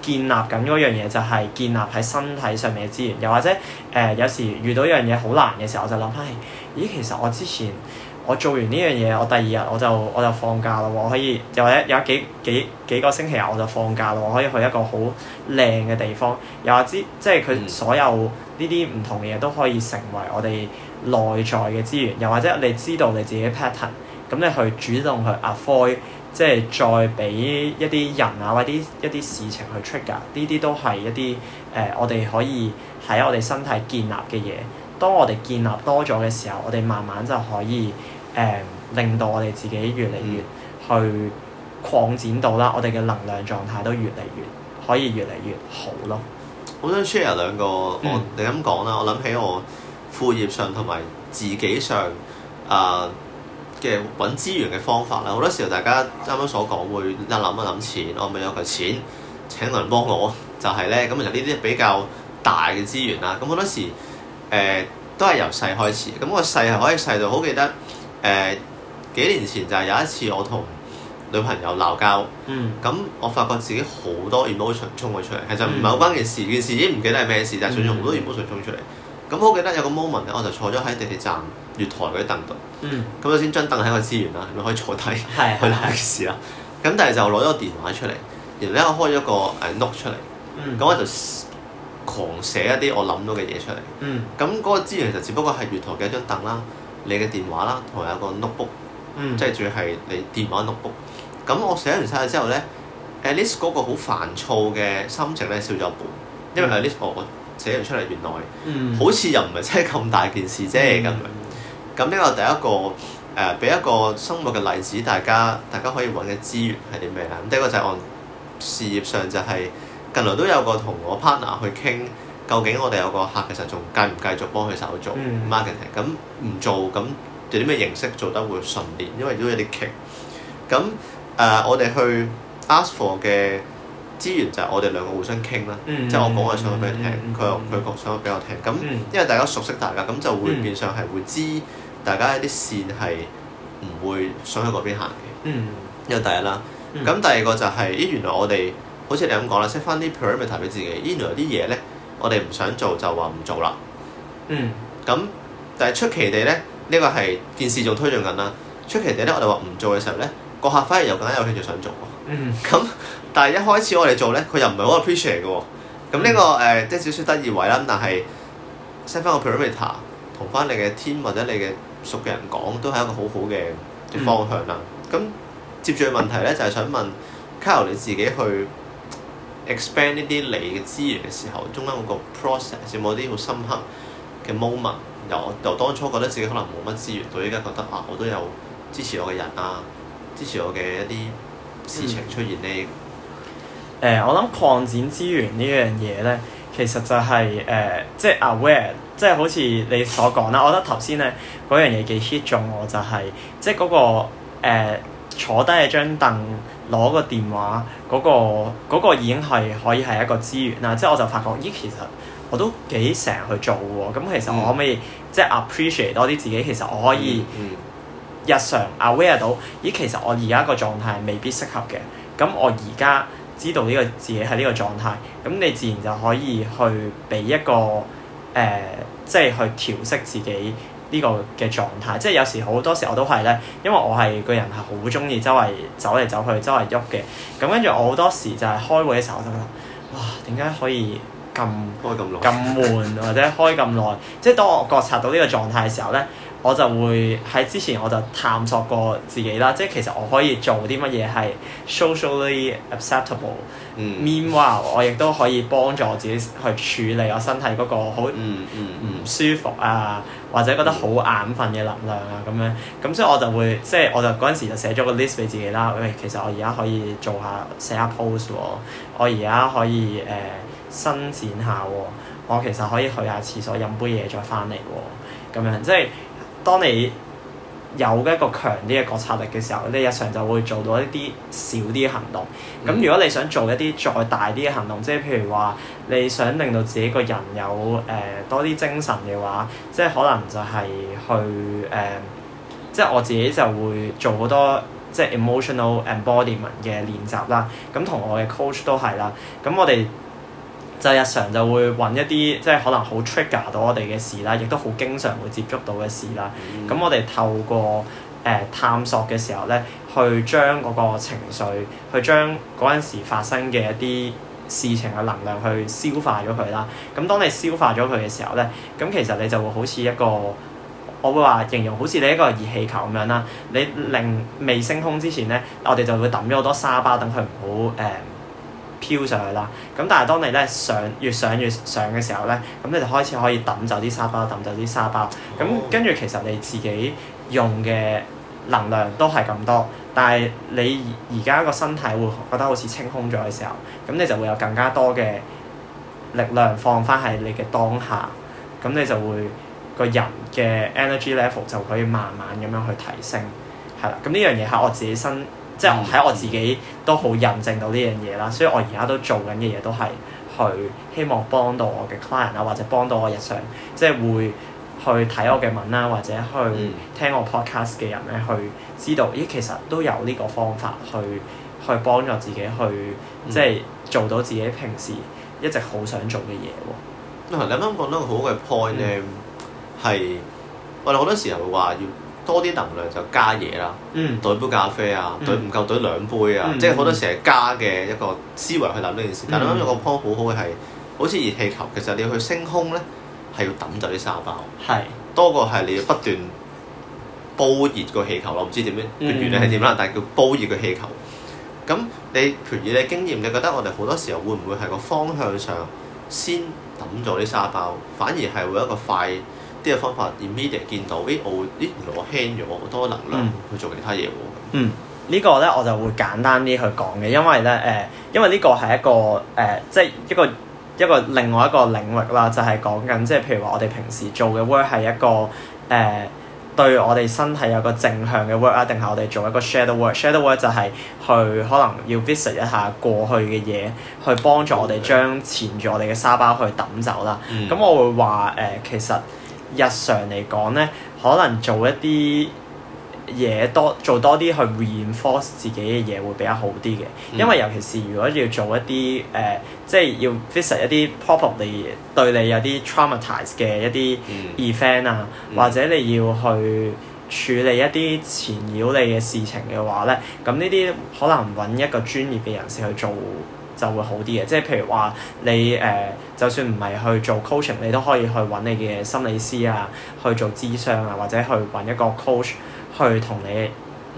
建立緊嗰樣嘢，就係建立喺身體上面嘅資源。又或者誒、呃，有時遇到一樣嘢好難嘅時候，我就諗，係、哎、咦，其實我之前。我做完呢樣嘢，我第二日我就我就放假咯喎，我可以又或者有幾幾幾個星期啊，我就放假咯喎，我可以，我我可以去一個好靚嘅地方。又或者即係佢所有呢啲唔同嘅嘢都可以成為我哋內在嘅資源。又或者你知道你自己 pattern，咁你去主動去 avoid，即係再俾一啲人啊或者一啲事情去 trigger，呢啲都係一啲誒、呃、我哋可以喺我哋身體建立嘅嘢。當我哋建立多咗嘅時候，我哋慢慢就可以。誒、嗯，令到我哋自己越嚟越去擴展到啦。我哋嘅能量狀態都越嚟越可以越嚟越好咯。好想 share 兩個、嗯、我你咁講啦。我諗起我副業上同埋自己上啊嘅搵資源嘅方法啦。好多、就是、多時候，大家啱啱所講會一諗一諗錢，我咪有個錢請人幫我。就係咧咁，其實呢啲比較大嘅資源啦。咁好多時誒都係由細開始。咁個細係可以細到好記得。誒、呃、幾年前就係有一次我同女朋友鬧交，咁、嗯、我發覺自己好多 emotion 衝咗出嚟。其實唔係好關件事，件事、嗯、已經唔記得係咩事，但係總之好多 emotion 衝出嚟。咁好記得有個 moment 咧，我就坐咗喺地鐵站月台嗰啲凳度，咁、嗯、我先將凳喺個資源啦，咁可以坐低的去諗件事啦。咁 [laughs] 但係就攞咗個電話出嚟，然後咧我開咗個誒 note 出嚟，咁、嗯、我就狂寫一啲我諗到嘅嘢出嚟。咁嗰、嗯、個資源就只不過係月台嘅一張凳啦。嗯你嘅電話啦，同埋有一個 notebook、嗯、即係主要係你電話 notebook。咁我寫完晒之後咧 at least, [music] t 嗰個好煩躁嘅心情咧少咗一半，因為 at least 我寫完出嚟原來好似又唔係真係咁大件事啫咁。咁呢、嗯、 [music] 個第一個誒，俾、呃、一個生活嘅例子，大家大家可以揾嘅資源係啲咩咧？咁第一個就係我事業上就係近來都有個同我 partner 去傾。究竟我哋有個客其實仲繼唔繼續幫佢手做 marketing？咁唔做咁做啲咩形式做得會順啲？因為都有啲傾咁誒。我哋去 ask for 嘅資源就係我哋兩個互相傾啦，即係、嗯、我講嘅想話俾佢聽，佢又佢講想話俾我聽。咁因為大家熟悉大家，咁就會變相係會知大家一啲線係唔會想去嗰邊行嘅。因為、嗯嗯嗯、第一啦，咁、嗯、第二個就係、是、咦，原來我哋好似你咁講啦，set 翻啲 parameter 俾自己，咦，原來啲嘢咧。呢呢呢呢呢呢呢呢我哋唔想做就話唔做啦。嗯。咁，但係出奇地咧，呢、這個係件事仲推進緊啦。出奇地咧，我哋話唔做嘅時候咧，個客反而又更加有興趣想做喎。咁、嗯，但係一開始我哋做咧，佢又唔係好 appreciate 嚟㗎喎。咁呢、這個誒，即係、嗯呃、少少得意位啦。但係 send 翻個 parameter 同翻你嘅 team 或者你嘅熟嘅人講，都係一個好好嘅嘅方向啦。咁、嗯、接住嘅問題咧，就係、是、想問 Kail 你自己去。expand 呢啲你嘅資源嘅時候，中間嗰個 process 有冇啲好深刻嘅 moment？由由當初我覺得自己可能冇乜資源，到依家覺得啊，我都有支持我嘅人啊，支持我嘅一啲事情出現呢、嗯。」誒、呃，我諗擴展資源呢樣嘢咧，其實就係、係、誒，即、呃、係、就係、aware，即係好似你所講啦。我覺得頭先咧嗰樣嘢幾 hit 中我，我就係即係嗰個、呃坐低一張凳，攞個電話，嗰、嗰個嗰個已經係可以係一個資源啦。即係我就發覺，咦，其實我都幾成日去做喎。咁其實我可唔可以、嗯、即係 appreciate 多啲自己？其實我可以日常 aware 到，咦，其實我而家個狀態未必適合嘅。咁我而家知道呢、呢個自己喺呢個狀態，咁你自然就可以去俾一個誒、呃，即係去調適自己。呢個嘅狀態，即係有時好多時候我都係咧，因為我係個人係好中意周圍走嚟走去，周圍喐嘅。咁跟住我好多時就係開會嘅時候，我就諗，哇！點解可以咁開咁耐，咁悶，或者開咁耐？即係當我覺察到呢個狀態嘅時候咧。我就會喺之前我就探索過自己啦，即係其實我可以做啲乜嘢係 socially acceptable，meanwhile、嗯、我亦都可以幫助我自己去處理我身體嗰個好唔舒服啊，嗯嗯、或者覺得好眼瞓嘅能量啊咁樣，咁所以我就會即係我就嗰陣時就寫咗個 list 俾自己啦，喂，其實我而家可以做下寫下 post 喎，我而家可以誒、呃、伸展下喎，哦，我其實可以去下廁所飲杯嘢再翻嚟喎，咁樣即係。當你有一個強啲嘅覺察力嘅時候，你日常就會做到一啲少啲行動。咁、嗯、如果你想做一啲再大啲嘅行動，即係譬如話你想令到自己個人有誒、呃、多啲精神嘅話，即係可能就係去誒、呃，即係我自己就會做好多即係 emotional embodiment 嘅練習啦。咁同我嘅 coach 都係啦。咁我哋，就日常就會揾一啲，即係可能好 trigger 到我哋嘅事啦，亦都好經常會接觸到嘅事啦。咁、嗯、我哋透過誒、呃、探索嘅時候咧，去將嗰個情緒，去將嗰陣時發生嘅一啲事情嘅能量去消化咗佢啦。咁當你消化咗佢嘅時候咧，咁其實你就會好似一個，我會話形容好似你一個熱氣球咁樣啦。你令未升空之前咧，我哋就會抌咗好多沙包，等佢唔好誒、呃飄上去啦，咁但係當你咧上越上越上嘅時候咧，咁你就開始可以抌走啲沙包，抌走啲沙包，咁跟住其實你自己用嘅能量都係咁多，但係你而家個身體會覺得好似清空咗嘅時候，咁你就會有更加多嘅力量放翻喺你嘅當下，咁你就會個人嘅 energy level 就可以慢慢咁樣去提升，係啦，咁呢樣嘢係我自己身。嗯、即係我喺我自己都好印證到呢樣嘢啦，所以我而家都做緊嘅嘢都係去希望幫到我嘅 client 啦，或者幫到我日常，即係會去睇我嘅文啦、啊，或者去聽我 podcast 嘅人咧，去知道，咦，其實都有呢個方法去去幫助自己去即係做到自己平時一直好想做嘅嘢喎。你啱啱講到個好嘅 point 咧，係、嗯、我哋好多時候話要。多啲能量就加嘢啦，㨃、嗯、杯咖啡啊，㨃唔夠㨃兩杯啊，嗯、即係好多時係加嘅一個思維去諗呢件事。嗯、但係我諗有個 point 好好嘅係，好似熱氣球，其實你要去升空咧，係要抌走啲沙包，是多過係你要不斷煲熱個氣球。我唔知點樣，嗯、原理係點啦，但係叫煲熱個氣球。咁你譬如你經驗，你覺得我哋好多時候會唔會係個方向上先抌咗啲沙包，反而係會一個快？呢個方法，而 media 見到，咦？我會咦？原來我輕咗好多能量、嗯、去做其他嘢喎。嗯，這個、呢個咧我就會簡單啲去講嘅，因為咧誒，因為呢、呃、因為個係一個誒、呃，即係一個一個,一個另外一個領域啦，就係講緊即係譬如話我哋平時做嘅 work 係一個誒、呃，對我哋身體有個正向嘅 work 啊，定係我哋做一個 shadow work。shadow work 就係去可能要 visit 一下過去嘅嘢，去幫助我哋將纏住我哋嘅沙包去揼走啦。咁、嗯嗯、我會話誒、呃，其實。日常嚟講咧，可能做一啲嘢多，做多啲去 reinforce 自己嘅嘢會比較好啲嘅。嗯、因為尤其是如果要做一啲誒、呃，即係要 visit 一啲 properly 對你有啲 traumatised 嘅一啲 event 啊，嗯嗯、或者你要去處理一啲纏繞你嘅事情嘅話咧，咁呢啲可能搵一個專業嘅人士去做。就會好啲嘅，即係譬如話你誒、呃，就算唔係去做 coaching，你都可以去揾你嘅心理師啊，去做諮商啊，或者去揾一個 coach 去同你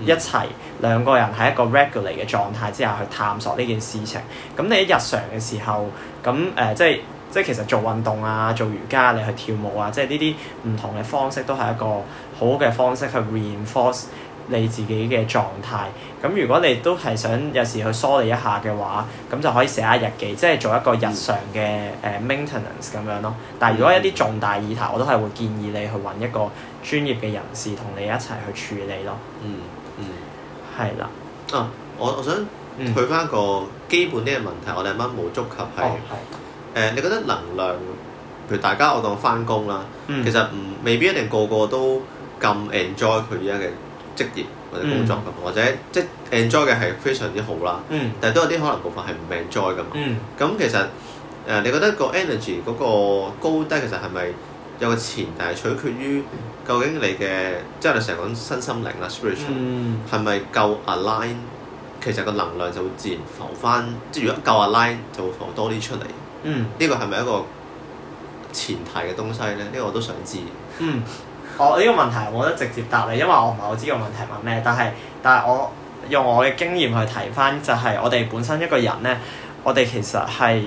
一齊兩、嗯、個人喺一個 regular 嘅狀態之下去探索呢件事情。咁你喺日常嘅時候，咁誒、呃、即係即係其實做運動啊，做瑜伽，你去跳舞啊，即係呢啲唔同嘅方式都係一個好嘅方式去 reinforce 你自己嘅狀態，咁如果你都係想有時去梳理一下嘅話，咁就可以寫下日記，即係做一個日常嘅誒、嗯呃、maintenance 咁樣咯。但係如果一啲重大議題，我都係會建議你去搵一個專業嘅人士同你一齊去處理咯。嗯嗯，係、嗯、啦。啊，我我想退翻個基本啲嘅問題，嗯、我哋啱啱冇觸及係誒，你覺得能量譬如大家我當翻工啦，嗯、其實唔、嗯、未必一定個個都咁 enjoy 佢而家嘅。職業或者工作咁，嗯、或者即 enjoy 嘅係非常之好啦，嗯、但係都有啲可能部分係唔 enjoy 噶嘛。咁、嗯嗯、其實誒、呃，你覺得個 energy 嗰個高低其實係咪有個前提係取決於究竟你嘅、嗯、即係你成日講身心靈啦 spiritual 係咪、嗯、夠 align？其實個能量就會自然浮返，即、就、係、是、如果夠 align 就會浮多啲出嚟。呢個係咪一個前提嘅東西咧？呢、這個我都想知。嗯我呢、哦這個問題，我覺得直接答你，因為我唔係好知個問題問咩。但係，但係我用我嘅經驗去提翻，就係、是、我哋本身一個人咧，我哋其實係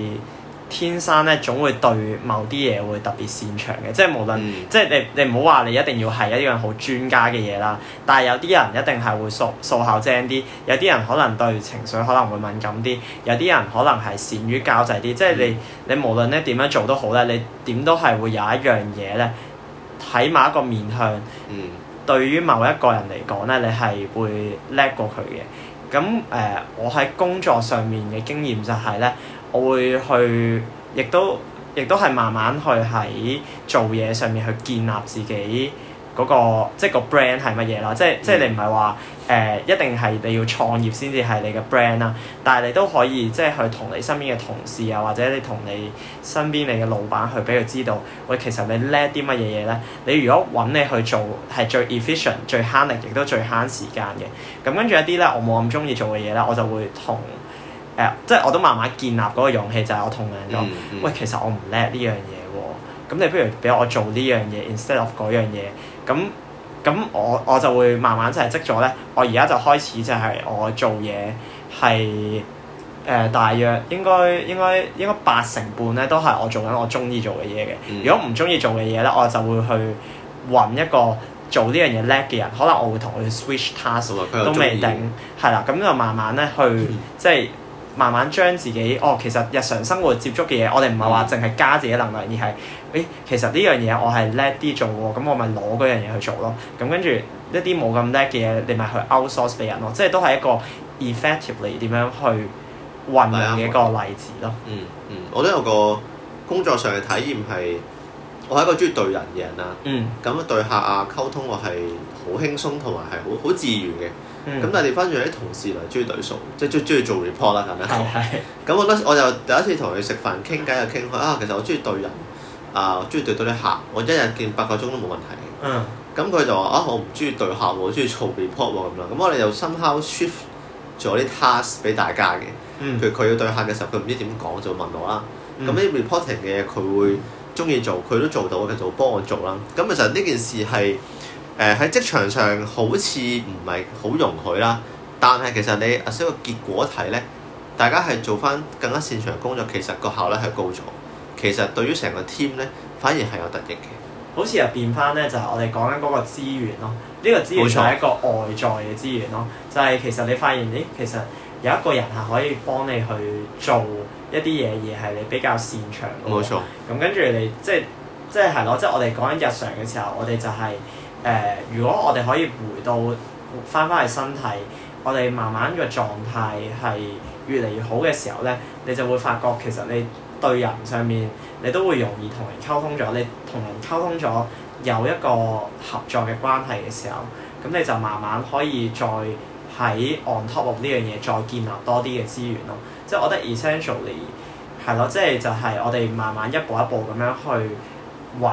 天生咧總會對某啲嘢會特別擅長嘅。即係無論，嗯、即係你你唔好話你一定要係一樣好專家嘅嘢啦。但係有啲人一定係會素素效精啲，有啲人可能對情緒可能會敏感啲，有啲人可能係善於交際啲。嗯、即係你你無論咧點樣做都好咧，你點都係會有一樣嘢咧。睇某一個面向，嗯、對於某一個人嚟講咧，你係會叻過佢嘅。咁誒、呃，我喺工作上面嘅經驗就係咧，我會去，亦都，亦都係慢慢去喺做嘢上面去建立自己。嗰個即係個 brand 係乜嘢啦？即係即係你唔係話誒一定係你要創業先至係你嘅 brand 啦，但係你都可以即係去同你身邊嘅同事啊，或者你同你身邊你嘅老闆去俾佢知道，喂，其實你叻啲乜嘢嘢咧？你如果揾你去做係最 efficient、最慳力，亦都最慳時間嘅。咁跟住一啲咧，我冇咁中意做嘅嘢咧，我就會同誒、呃、即係我都慢慢建立個勇氣就係我同人講，嗯嗯，喂，其實我唔叻呢樣嘢。咁你不如俾我做呢樣嘢，instead of 嗰樣嘢。咁咁我我就會慢慢就係積咗咧。我而家就開始就係我做嘢係誒，大約應該應該應該八成半咧，都係我做緊我中意做嘅嘢嘅。嗯、如果唔中意做嘅嘢咧，我就會去搵一個做呢樣嘢叻嘅人，可能我會同佢 switch task、嗯、都未定。係啦、嗯，咁就慢慢咧去即係。慢慢將自己哦，其實日常生活接觸嘅嘢，我哋唔係話淨係加自己能量，嗯、而係誒，其實呢樣嘢我係叻啲做喎，咁、嗯、我咪攞嗰樣嘢去做咯。咁跟住一啲冇咁叻嘅嘢，你咪去 outsource 俾人咯。即係都係一個 effectively 點樣去運用嘅一個例子咯。嗯嗯，我都有個工作上嘅體驗係，我係一個中意對人嘅人啦。嗯。咁、嗯、對客啊溝通我係好輕鬆同埋係好好自然嘅。咁、嗯、但係調翻轉啲同事嚟，中意對數，即係中意做 report 啦咁樣。咁是我覺得，我就第一次同佢食飯傾偈，就傾開啊，其實我中意對人，啊，中意對到啲客，我一日見八個鐘都冇問題嘅。咁佢、嗯、就話啊，我唔中意對客，我中意做 report 喎咁樣。咁、啊、我哋、嗯嗯、又 somehow shift 咗啲 task 俾大家嘅。譬如佢要對客嘅時候，佢唔知點講，就問我啦。咁啲 reporting 嘅嘢，佢會中意做，佢都做到，佢就，就幫我做啦。咁其實呢件事係。誒喺職場上好似唔係好容許啦，但係其實你阿 Sir 個結果睇咧，大家係做翻更加擅長嘅工作，其實個效率係高咗。其實對於成個 team 咧，反而係有得益嘅。好似入變翻咧，就係、是、我哋講緊嗰個資源咯。呢、這個資源就係一個外在嘅資源咯，錯就係其實你發現咦，其實有一個人係可以幫你去做一啲嘢而係你比較擅長冇錯。咁跟住你即係即係係咯，即、就、係、是就是、我哋講緊日常嘅時候，我哋就係、是。誒、呃，如果我哋可以回到翻翻去身體，我哋慢慢個狀態係越嚟越好嘅時候咧，你就會發覺其實你對人上面，你都會容易同人溝通咗，你同人溝通咗有一個合作嘅關係嘅時候，咁你就慢慢可以再喺 on top of 呢樣嘢，再建立多啲嘅資源咯。即係我覺得 essentially 係咯，即係就係、是、我哋慢慢一步一步咁樣去揾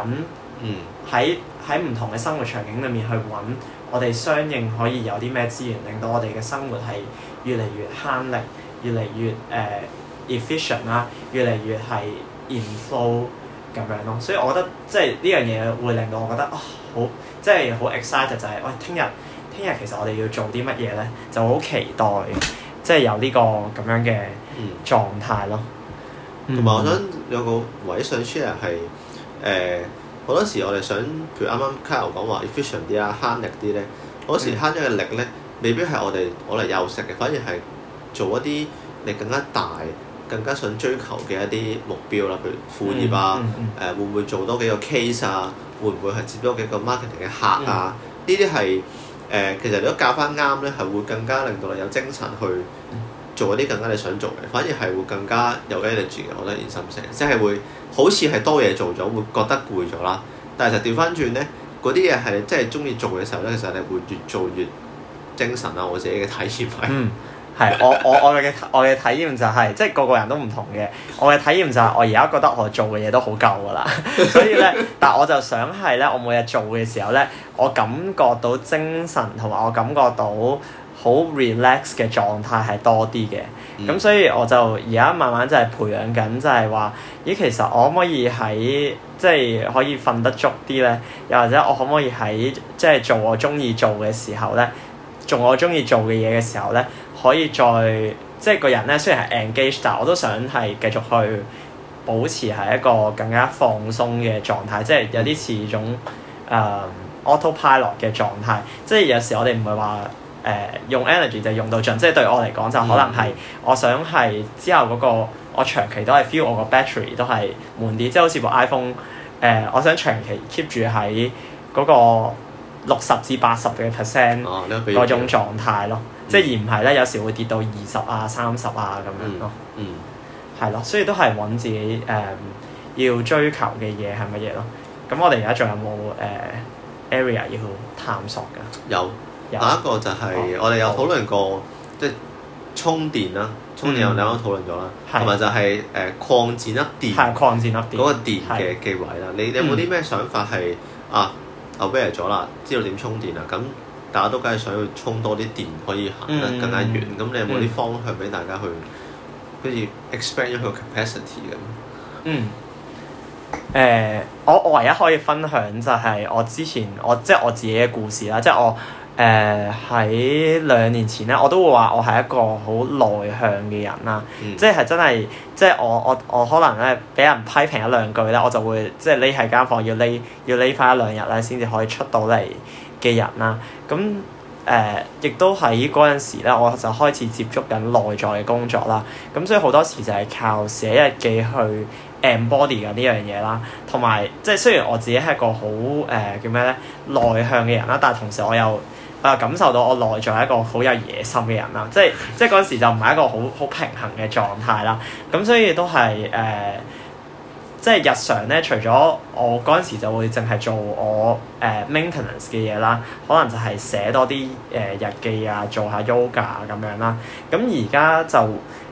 嗯。喺喺唔同嘅生活場景裏面去揾我哋相應可以有啲咩資源，令到我哋嘅生活係越嚟越慳力，越嚟越誒、uh, efficient 啦，越嚟越係 inflow 咁樣咯。所以我覺得即係呢樣嘢會令到我覺得啊、哦、好即係好 excited，就係、是、喂聽日聽日其實我哋要做啲乜嘢咧，就好期待即係有呢、這個咁樣嘅狀態咯。同埋、嗯嗯、我想有個位想 share 係誒。呃好多時我哋想，譬如啱啱 Kail 講話 efficient 啲啊，慳力啲咧，好多、嗯、時慳咗嘅力咧，未必係我哋我哋有食嘅，反而係做一啲力更加大、更加想追求嘅一啲目標啦，譬如副業啊，誒、嗯嗯嗯呃、會唔會做多幾個 case 啊？會唔會係接多幾個 marketing 嘅客啊？呢啲係誒，其實如果教翻啱咧，係會更加令到你有精神去做嗰啲更加你想做嘅，反而係會更加有 energy 嘅，我覺得現心聲，即係會好似係多嘢做咗，會覺得攰咗啦。但係就調翻轉咧，嗰啲嘢係真係中意做嘅時候咧，其實你會越做越精神啊！我自己嘅體驗係。嗯。係我我我嘅我嘅體驗就係、是、即係個個人都唔同嘅。我嘅體驗就係我而家覺得我做嘅嘢都好夠㗎啦， [laughs] 所以咧，但我就想係咧，我每日做嘅時候咧，我感覺到精神同埋我感覺到好 relax 嘅狀態係多啲嘅。咁、嗯、所以我就而家慢慢即係培養緊，即係話咦，其實我可唔可以喺即係可以瞓得足啲咧？又或者我可唔可以喺即係做我鍾意做嘅時候咧，做我鍾意做嘅嘢嘅時候咧？可以再即係個人咧，雖然係 engage，d 但係我都想係繼續去保持係一個更加放鬆嘅狀態，即係有啲似種誒、嗯、autopilot 嘅狀態。即係有時我哋唔係話誒用 energy 就用到盡，即係對我嚟講就可能係、mm hmm. 我想係之後嗰、那個我長期都係 feel 我個 battery 都係滿啲，即係好似部 iPhone 誒、呃，我想長期 keep 住喺嗰個六十至八十嘅 percent 嗰種狀態咯。即係而唔係咧，有時會跌到二十啊、三十啊咁樣咯。嗯。係咯，所以都係揾自己誒要追求嘅嘢係乜嘢咯。咁我哋而家仲有冇誒 area 要探索㗎？有。有一個就係我哋有討論過，即係充電啦，充電我哋啱啱討論咗啦，同埋就係誒擴展粒電，擴展粒電嗰個電嘅嘅位啦。你哋有冇啲咩想法係啊？Aware 咗啦，知道點充電啦，咁。大家都梗係想要充多啲電，可以行得、嗯、更加遠。咁你有冇啲方向俾大家去，好似 expand 咗佢個 capacity 咁？嗯。誒、嗯呃，我我唯一可以分享就係我之前我即係我自己嘅故事啦，即係我誒喺、呃、兩年前咧，我都會話我係一個好內向嘅人啦、嗯。即係真係，即係我我我可能咧俾人批評一兩句咧，我就會即係匿喺間房要匿要匿翻一兩日咧，先至可以出到嚟。嘅人啦，咁誒、呃、亦都喺嗰陣時咧，我就開始接觸緊內在嘅工作啦。咁所以好多時就係靠寫日記去 embodied 呢樣嘢啦。同埋即係雖然我自己係一個好誒、呃、叫咩咧內向嘅人啦，但係同時我又我又感受到我內在係一個好有野心嘅人啦。即係即係嗰陣時就唔係一個好好平衡嘅狀態啦。咁所以都係誒、呃即係日常咧，除咗我嗰陣時就會淨係做我誒、呃、maintenance 嘅嘢啦，可能就係寫多啲誒、呃、日記啊，做下 yoga 咁樣啦。咁而家就誒、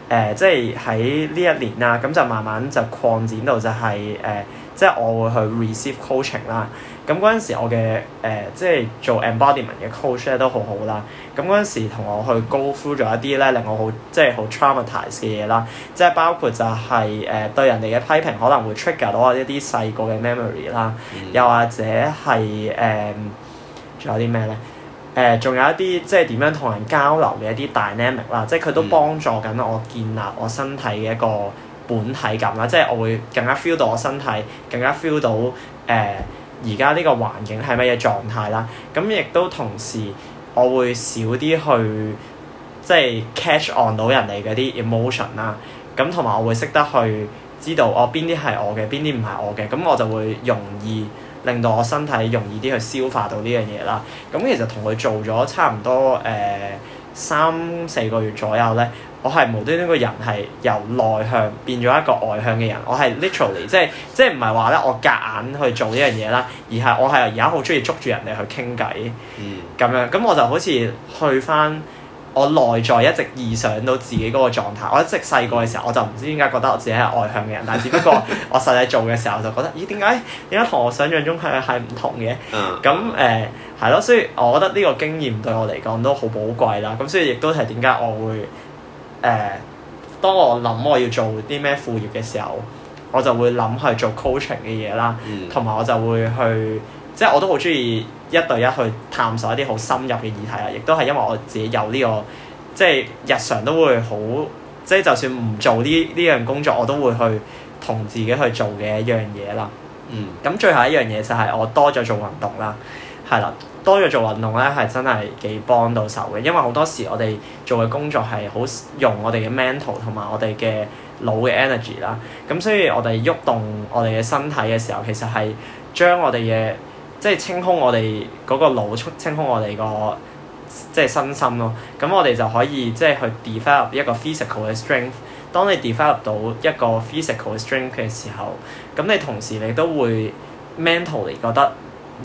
呃，即係喺呢一年啦、啊，咁就慢慢就擴展到就係、是、誒、呃，即係我會去 receive coaching 啦。咁嗰陣時我，我嘅誒即係做 embodiment 嘅 coach 咧都好好啦。咁嗰陣時同我去 go through 咗一啲咧，令我好即係好 traumatize 嘅嘢啦，即係包括就係、是、誒、呃、對人哋嘅批評可能會 trigger 到我一啲細個嘅 memory 啦，嗯、又或者係誒仲有啲咩咧？誒、呃、仲有一啲即係點樣同人交流嘅一啲 dynamic 啦，嗯、即係佢都幫助緊我建立我身體嘅一個本體感啦，即係、嗯、我會更加 feel 到我身體，更加 feel 到誒。呃而家呢個環境係乜嘢狀態啦？咁亦都同時，我會少啲去即係 catch on 到人哋嗰啲 emotion 啦。咁同埋我會識得去知道、哦、我邊啲係我嘅，邊啲唔係我嘅。咁我就會容易令到我身體容易啲去消化到呢樣嘢啦。咁其實同佢做咗差唔多誒三四個月左右咧。我係無端端個人係由內向變咗一個外向嘅人。我係 literally 即係即係，唔係話咧，我夾硬去做呢樣嘢啦，而係我係而家好中意捉住人哋去傾偈咁樣。咁我就好似去翻我內在一直意想到自己嗰個狀態。我一直細個嘅時候，我就唔知點解覺得我自己係外向嘅人，但係只不過我實際做嘅時候就覺得咦，點解點解同我想象中係係唔同嘅，咁誒，係咯。所以我覺得呢個經驗對我嚟講都好寶貴啦。咁所以亦都係點解我會。誒、呃，當我諗我要做啲咩副業嘅時候，我就會諗去做 coaching 嘅嘢啦，同埋、嗯、我就會去，即係我都好中意一對一去探索一啲好深入嘅議題啦。亦都係因為我自己有呢、呢個，即係日常都會好，即係就算唔做呢呢樣工作，我都會去同自己去做嘅一樣嘢啦。咁、嗯、最後一樣嘢就係我多咗做運動啦，係啦。多咗做運動咧，係真係幾幫到手嘅。因為好多時我哋做嘅工作係好用我哋嘅 mental 同埋我哋嘅腦嘅 energy 啦。咁所以我哋喐動動我哋嘅身體嘅時候，其實係將我哋嘅即係清空我哋嗰個腦，清空我哋個即係身心咯。咁我哋就可以即係去 develop 一個 physical 嘅 strength。當你 develop 到一個 physical strength 嘅時候，咁你同時你都會 mentally 覺得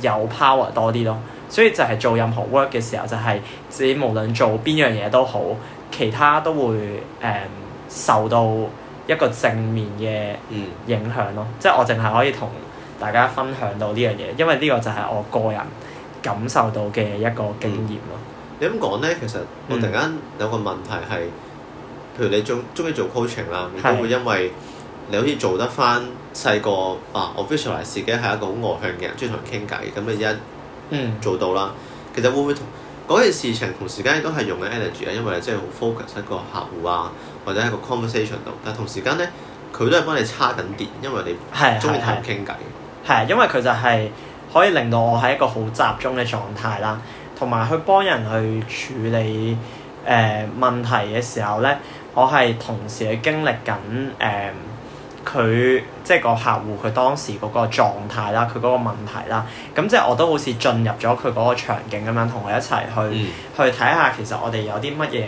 有 power 多啲咯。所以就係做任何 work 嘅時候，就係、是、自己無論做邊樣嘢都好，其他都會誒、嗯、受到一個正面嘅影響咯。嗯、即係我淨係可以同大家分享到呢樣嘢，因為呢個就係我個人感受到嘅一個經驗咯、嗯。你咁講咧，其實我突然間有個問題係，嗯、譬如你中中意做 coaching 啦的，你都會因為你好似做得翻細個啊 visualize 自己係一個好外向嘅人，中意同人傾偈咁啊，依嗯，做到啦。其實會唔會同嗰件事情同時間亦都係用緊 energy 啊？因為即係好 focus 一個客戶啊，或者一個 conversation 度。但同時間咧，佢都係幫你差緊電，因為你係中意同人傾偈。係啊，因為佢就係可以令到我喺一個好集中嘅狀態啦，同埋去幫人去處理誒、呃、問題嘅時候咧，我係同時係經歷緊誒。呃佢即係個客戶，佢當時嗰個狀態啦，佢嗰個問題啦，咁即係我都好似進入咗佢嗰個場景咁樣同佢一齊去、嗯、去睇下，其實我哋有啲乜嘢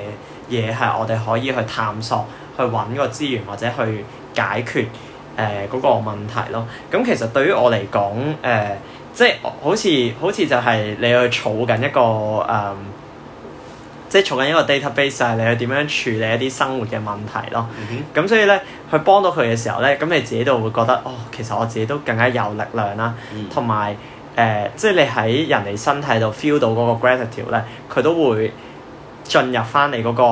嘢係我哋可以去探索、去揾個資源或者去解決誒嗰、呃嗰個問題咯。咁其實對於我嚟講誒即係好似好似就係你去儲緊一個誒即係儲緊一個 database 係你去點樣處理一啲生活嘅問題咯。咁、嗯、哼所以咧。去幫到佢嘅時候咧，咁你自己都會覺得哦，其實我自己都更加有力量啦，同埋誒，即係、呃就是、你喺人哋身體度 feel 到嗰個 gratitude 咧，佢都會進入翻你嗰、那個、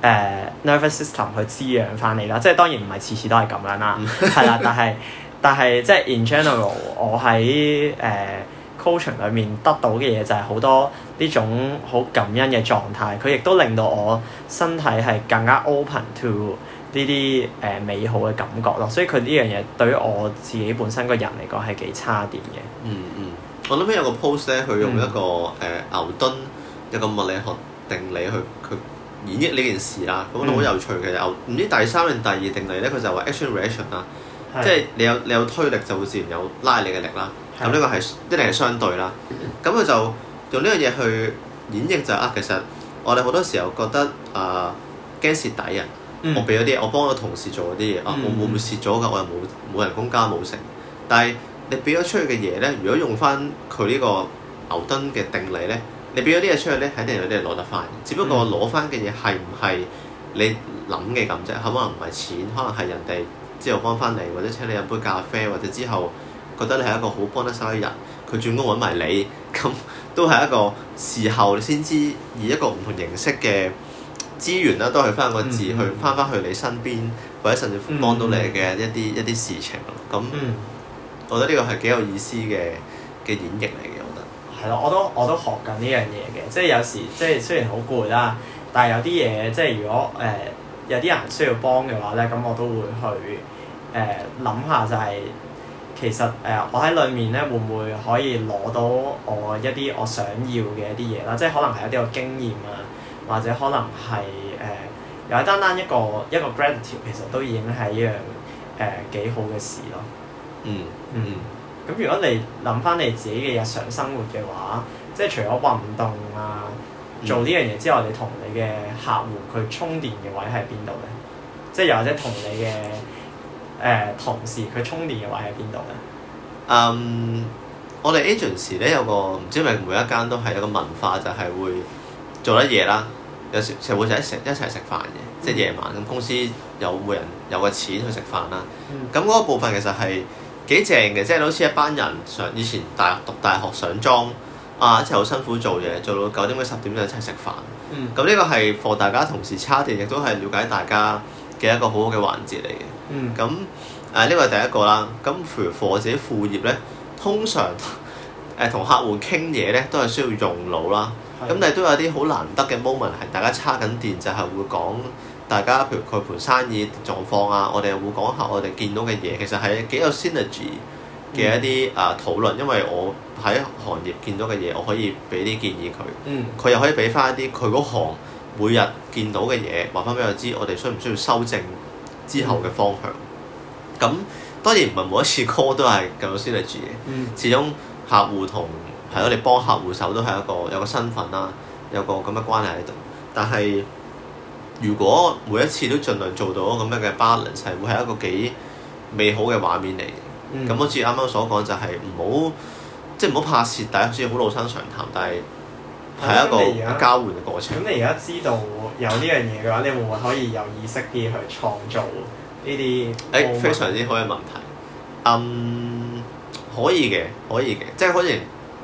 呃、nervous system 去滋養翻你啦。即、就、係、是、當然唔係次次都係咁樣啦，係啦、嗯， [laughs] 但係但係即係 in general，我喺誒 coaching 裏面得到嘅嘢就係好多呢種好感恩嘅狀態。佢亦都令到我身體係更加 open to。呢啲誒美好嘅感覺咯，所以佢呢樣嘢對於我自己本身個人嚟講係幾差啲嘅。嗯嗯，我諗起有個 post 咧，佢用一個誒、嗯呃、牛頓一個物理學定理去佢演繹呢件事啦。咁都好有趣嘅，嗯、牛，唔知第三定第二定理咧，佢就話 action reaction 啦是，即係你有你有推力就會自然有拉你嘅力啦。咁呢是個係一定係相對啦。咁佢就用呢樣嘢去演繹就是、啊，其實我哋好多時候覺得啊，驚蝕底人。嗯、我俾咗啲嘢，我幫咗同事做嗰啲嘢，啊，我會唔會蝕咗㗎？我又冇冇人工加冇成。但係你俾咗出去嘅嘢咧，如果用翻佢呢個牛頓嘅定理咧，你俾咗啲嘢出去咧，肯定有啲係攞得翻。只不過攞翻嘅嘢係唔係你諗嘅咁啫？可能唔係錢，可能係人哋之後幫翻你，或者請你飲杯咖啡，或者之後覺得你係一個好幫得手嘅人，佢轉工揾埋你，咁都係一個事後你先知，以一個唔同形式嘅。資源啦，都係翻個字去翻翻去你身邊，或者甚至幫到你嘅一啲、嗯、一啲事情咁，嗯、我覺得呢個係幾有意思嘅嘅演繹嚟嘅，我覺得。係咯，我都我都學緊呢樣嘢嘅，即係有時即係雖然好攰啦，但係有啲嘢即係如果誒、呃、有啲人需要幫嘅話咧，咁我都會去誒諗、呃、下就係、是、其實誒、呃、我喺裏面咧會唔會可以攞到我一啲我想要嘅一啲嘢啦，即係可能係一啲嘅經驗啊。或者可能係誒，又係單單一個一個 gratitude，其實都已經係一樣誒幾好嘅事咯、嗯。嗯嗯。咁如果你諗翻你自己嘅日常生活嘅話，即係除咗運動啊，做呢樣嘢之外，嗯、你同你嘅客戶佢充電嘅位係邊度咧？即係又或者同你嘅誒、呃、同事佢充電嘅位係邊度咧？嗯、um，我哋 agency 咧有個唔知係咪每一間都係有個文化，就係、是、會。做得嘢啦，有時成日會一成一齊食飯嘅，嗯、即係夜晚咁公司有每人有個錢去食飯啦。咁嗰、嗯、個部分其實係幾正嘅，即、就、係、是、好似一班人上以前大讀大學上莊啊，一齊好辛苦做嘢，做到九點幾十點就一齊食飯。咁呢、嗯、個係俾大家同時叉電，亦都係了解大家嘅一個好好嘅環節嚟嘅。咁誒呢個係第一個啦。咁譬如或者副業呢，通常。誒同客戶傾嘢咧，都係需要用腦啦。咁的但係都有啲好難得嘅 moment，係大家叉緊電就係、是、會講大家譬如佢盤生意狀況啊，我哋又會講下我哋見到嘅嘢，其實係幾有 synergy 嘅一啲誒討論。因為我喺行業見到嘅嘢，我可以俾啲建議佢，佢、嗯、又可以俾翻一啲佢嗰行每日見到嘅嘢，話翻俾我知，我哋需唔需要修正之後嘅方向。咁、嗯、當然唔係每一次 call 都係咁有 synergy 嘅，始終。客戶同係咯，你幫客戶手都係一個有個身份啦，有個咁嘅關係喺度。但係如果每一次都盡量做到咁樣嘅 balance，係會係一個幾美好嘅畫面嚟嘅。咁好似啱啱所講，就是，就係唔好即係唔好拍蝕底，好似好老生常談，但係係一個交換嘅過程。咁你而家知道有呢樣嘢嘅話，你會唔會可以有意識啲去創造呢啲？誒、哎，非常之好嘅問題。嗯、um,。可以嘅，可以嘅，即係好似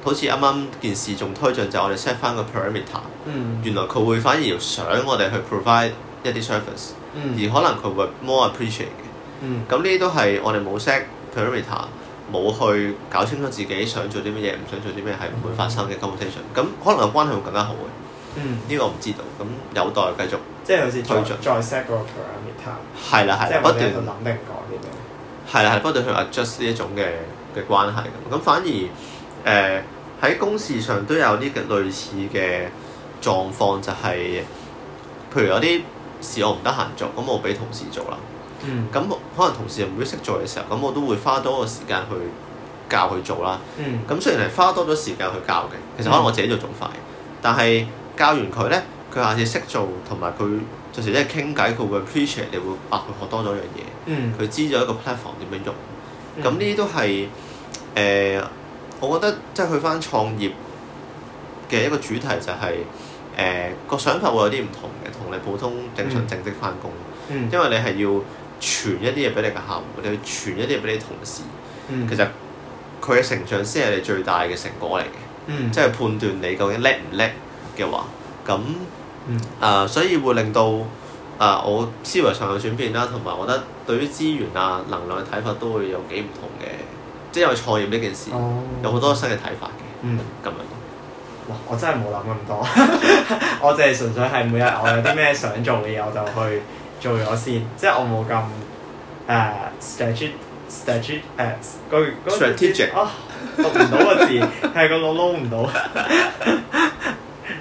好似啱啱件事仲推進，就我哋 set 翻個 parameter，原來佢會反而想我哋去 provide 一啲 s u r f a c e 而可能佢會 more appreciate 嘅。咁呢啲都係我哋冇 set parameter，冇去搞清楚自己想做啲乜嘢，唔想做啲咩係唔會發生嘅，咁可能個關係會更加好嘅。呢個我唔知道，咁有待繼續。即係好似推進再 set 嗰個 parameter。係啦係。即係不斷去諗定講啲咩。係啦係，不斷去 adjust 呢一種嘅。嘅關係咁，咁反而誒喺、呃、公事上都有啲嘅類似嘅狀況，就係、是、譬如有啲事我唔得閒做，咁我俾同事做啦。咁、嗯、可能同事唔會識做嘅時候，咁我都會花多個時間去教佢做啦。咁、嗯、雖然係花多咗時間去教嘅，其實可能我自己做仲快。嗯、但係教完佢咧，佢下次識做，同埋佢就時即係傾偈，佢會 appreciate 你會，啊，佢學多咗樣嘢。佢知咗一個 platform 點樣用。咁呢啲都係誒、呃，我覺得即係去返創業嘅一個主題就係誒個想法會有啲唔同嘅，同你普通正常正式返工，嗯、因為你係要傳一啲嘢俾你嘅客戶，你要傳一啲嘢俾你同事，嗯、其實佢嘅成長先係你最大嘅成果嚟嘅，嗯、即係判斷你究竟叻唔叻嘅話，咁啊、呃、所以會令到。啊！Uh, 我思維上有轉變啦，同埋我覺得對於資源啊、能量嘅睇法都會有幾唔同嘅，即係因為創業呢件事，哦、有好多新嘅睇法嘅。嗯，咁樣。哇！我真係冇諗咁多， [laughs] [laughs] 我淨係純粹係每日我有啲咩想做嘅嘢，我就去做咗先，即係我冇咁誒、uh, strategy，strategy 誒、uh, strategic、哦。啊！讀唔到個字，係個腦攆唔到。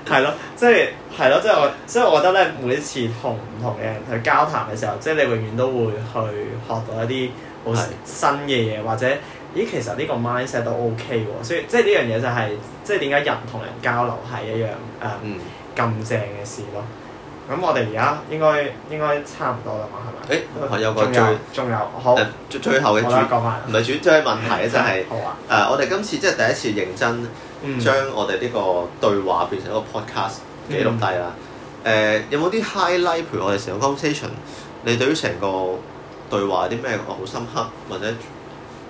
係咯，即係係咯，即係我，即係我覺得咧，每次同唔同嘅人去交談嘅時候，即係你永遠都會去學到一啲好新嘅嘢，或者咦，其實呢個 mindset 都 OK 喎，所以即係呢樣嘢就係即係點解人同人交流係一樣誒咁、嗯嗯、正嘅事咯。咁我哋而家應該應該差唔多啦嘛，係咪？誒、欸，我有個最，仲有好，最最後嘅，唔係主，主張問題咧就係誒、 [laughs] 啊啊，我哋今次即係第一次認真。嗯、將我哋呢個對話變成一個 podcast 記錄低啦。誒、嗯呃，有冇啲 highlight 陪我哋成個 conversation？你對於成個對話啲咩好深刻，或者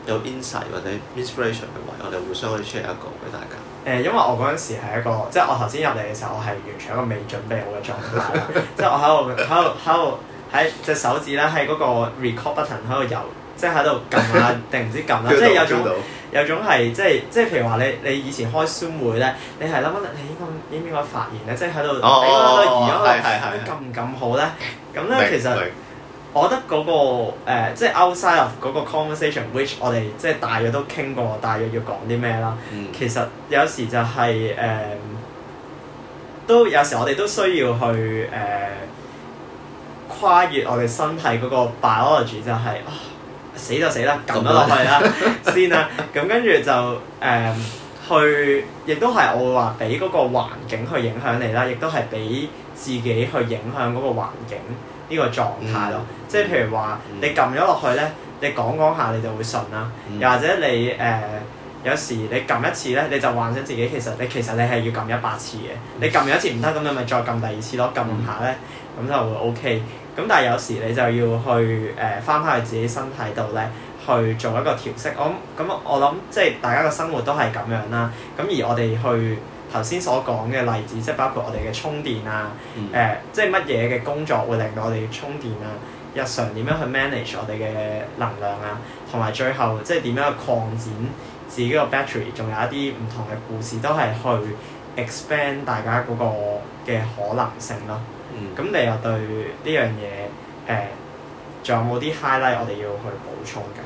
有 insight 或者 inspiration 嘅話，我哋互相可以 share 一個俾大家。誒、呃，因為我嗰陣時係一個，即係我頭先入嚟嘅時候，我係完全一個未準備好嘅狀態。 [laughs] 即係我喺度，喺度，喺度，喺隻手指咧喺嗰個 record button 喺度遊，即係喺度撳啊，定唔知撳啦，即係有做到。有種係即係即係譬如話你你以前開 Zoom 會咧，你係諗翻咧，你應唔應該發言咧？即係喺度，咦咁而家佢咁咁好咧？咁咧，其實，我覺得嗰、那個、呃、即係 outside of 嗰個 conversation，which 我哋即係大約都傾過，大約要講啲咩啦？Mm. 其實有時就係、是、誒、呃，都有時我哋都需要去誒、呃、跨越我哋身體嗰個 biology，就係、是。呃死就死啦，撳咗落去啦， [laughs] 先啦、啊。咁跟住就誒、呃、去，亦都係我會話俾嗰個環境去影響你啦，亦都係俾自己去影響嗰個環境呢、這個狀態咯。嗯、即係譬如話、嗯，你撳咗落去咧，你講講下你就會順啦。又、嗯、或者你誒、呃、有時你撳一次咧，你就幻想自己其實，其實你其實你係要撳一百次嘅。你撳完一次唔得，咁你咪再撳第二次咯，撳下咧，咁就會 O、OK、K。咁但係有時你就要去誒翻返去自己身體度咧，去做一個調適。我咁我諗即係大家嘅生活都係咁樣啦。咁而我哋去頭先所講嘅例子，即係包括我哋嘅充電啊，誒、嗯呃、即係乜嘢嘅工作會令到我哋充電啊？日常點樣去 manage 我哋嘅能量啊？同埋最後即係點樣去擴展自己個 battery？仲有一啲唔同嘅故事都係去 expand 大家嗰個嘅可能性咯。咁、嗯、你又對呢樣嘢誒，仲、呃、有冇啲 highlight 我哋要去補充嘅？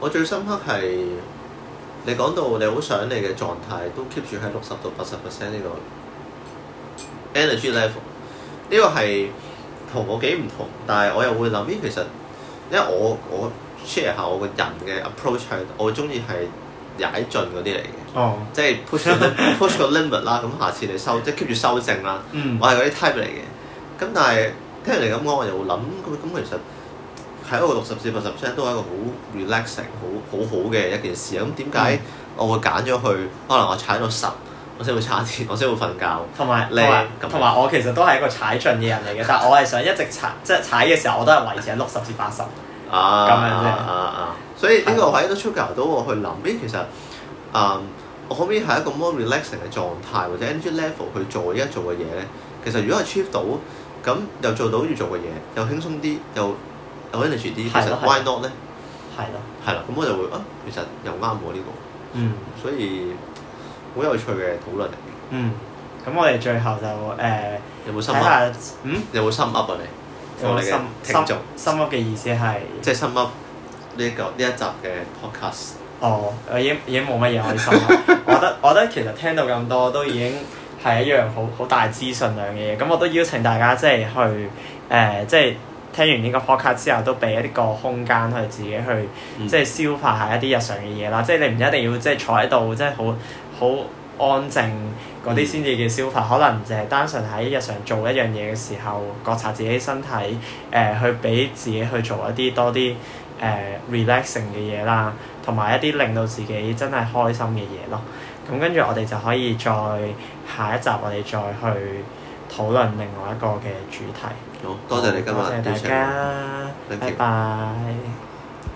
我最深刻係你講到你好想你嘅狀態都 keep 住喺六十到八十 percent 呢個 energy level，呢個係同我幾唔同，但係我又會諗，咦，其實，因為我我 share 下我個人嘅 approach 係我中意係踩盡嗰啲嚟嘅，哦，即係 push 個 push 個 limit 啦，咁下次你收即係 keep 住修正啦。嗯、我係嗰啲 type 嚟嘅。咁但係聽人哋咁講，我又會諗咁其實喺一個六十至八十 percent 都係一個好 relaxing、好好好嘅一件事，咁點解我會揀咗去？可能我踩到十，我先會差啲，我先會瞓覺。同埋你同埋我其實都係一個踩盡嘅人嚟嘅， [laughs] 但係我係想一直踩，即係踩嘅時候我都係維持喺六十至八十。 [laughs] 咁樣啫啊啊！所以呢個位 [laughs] 都 trigger 到我去諗，咦？其實嗯，我可唔可以係一個 more relaxing 嘅狀態，或者 energy level 去做而家做嘅嘢咧？其實如果係 trigger 到。咁、嗯、又做到要做嘅嘢，又輕鬆啲，又又 energy 啲，其實 why not 咧？係咯了。係啦的，咁我就會啊，其實又啱喎呢個。嗯。所以好有趣嘅討論嚟嘅。嗯。咁我哋最後就誒睇下，嗯，有冇心噏啊你？我心心噏。心噏嘅意思係？即係心噏呢個呢一集嘅 podcast。哦，我已經已經冇乜嘢可以心噏。 [laughs] 我覺得，我覺得，我覺得其實聽到咁多都已經。 [laughs] 係一樣好好大資訊量嘅嘢，咁我都邀請大家即係去誒，即係、呃、聽完呢個 podcast 之後，都俾一啲個空間去自己去、嗯、即係消化一下一啲日常嘅嘢啦。即係你唔一定要即係坐喺度，即係好好安靜嗰啲先至叫消化。嗯、可能淨係單純喺日常做一樣嘢嘅時候，覺察自己身體誒、呃，去俾自己去做一啲多啲誒、呃、relaxing 嘅嘢啦，同埋一啲令到自己真係開心嘅嘢咯。咁跟住我哋就可以再下一集，我哋再去討論另外一個嘅主題。好多、哦、謝、謝你今晚，多謝大家，謝謝拜拜。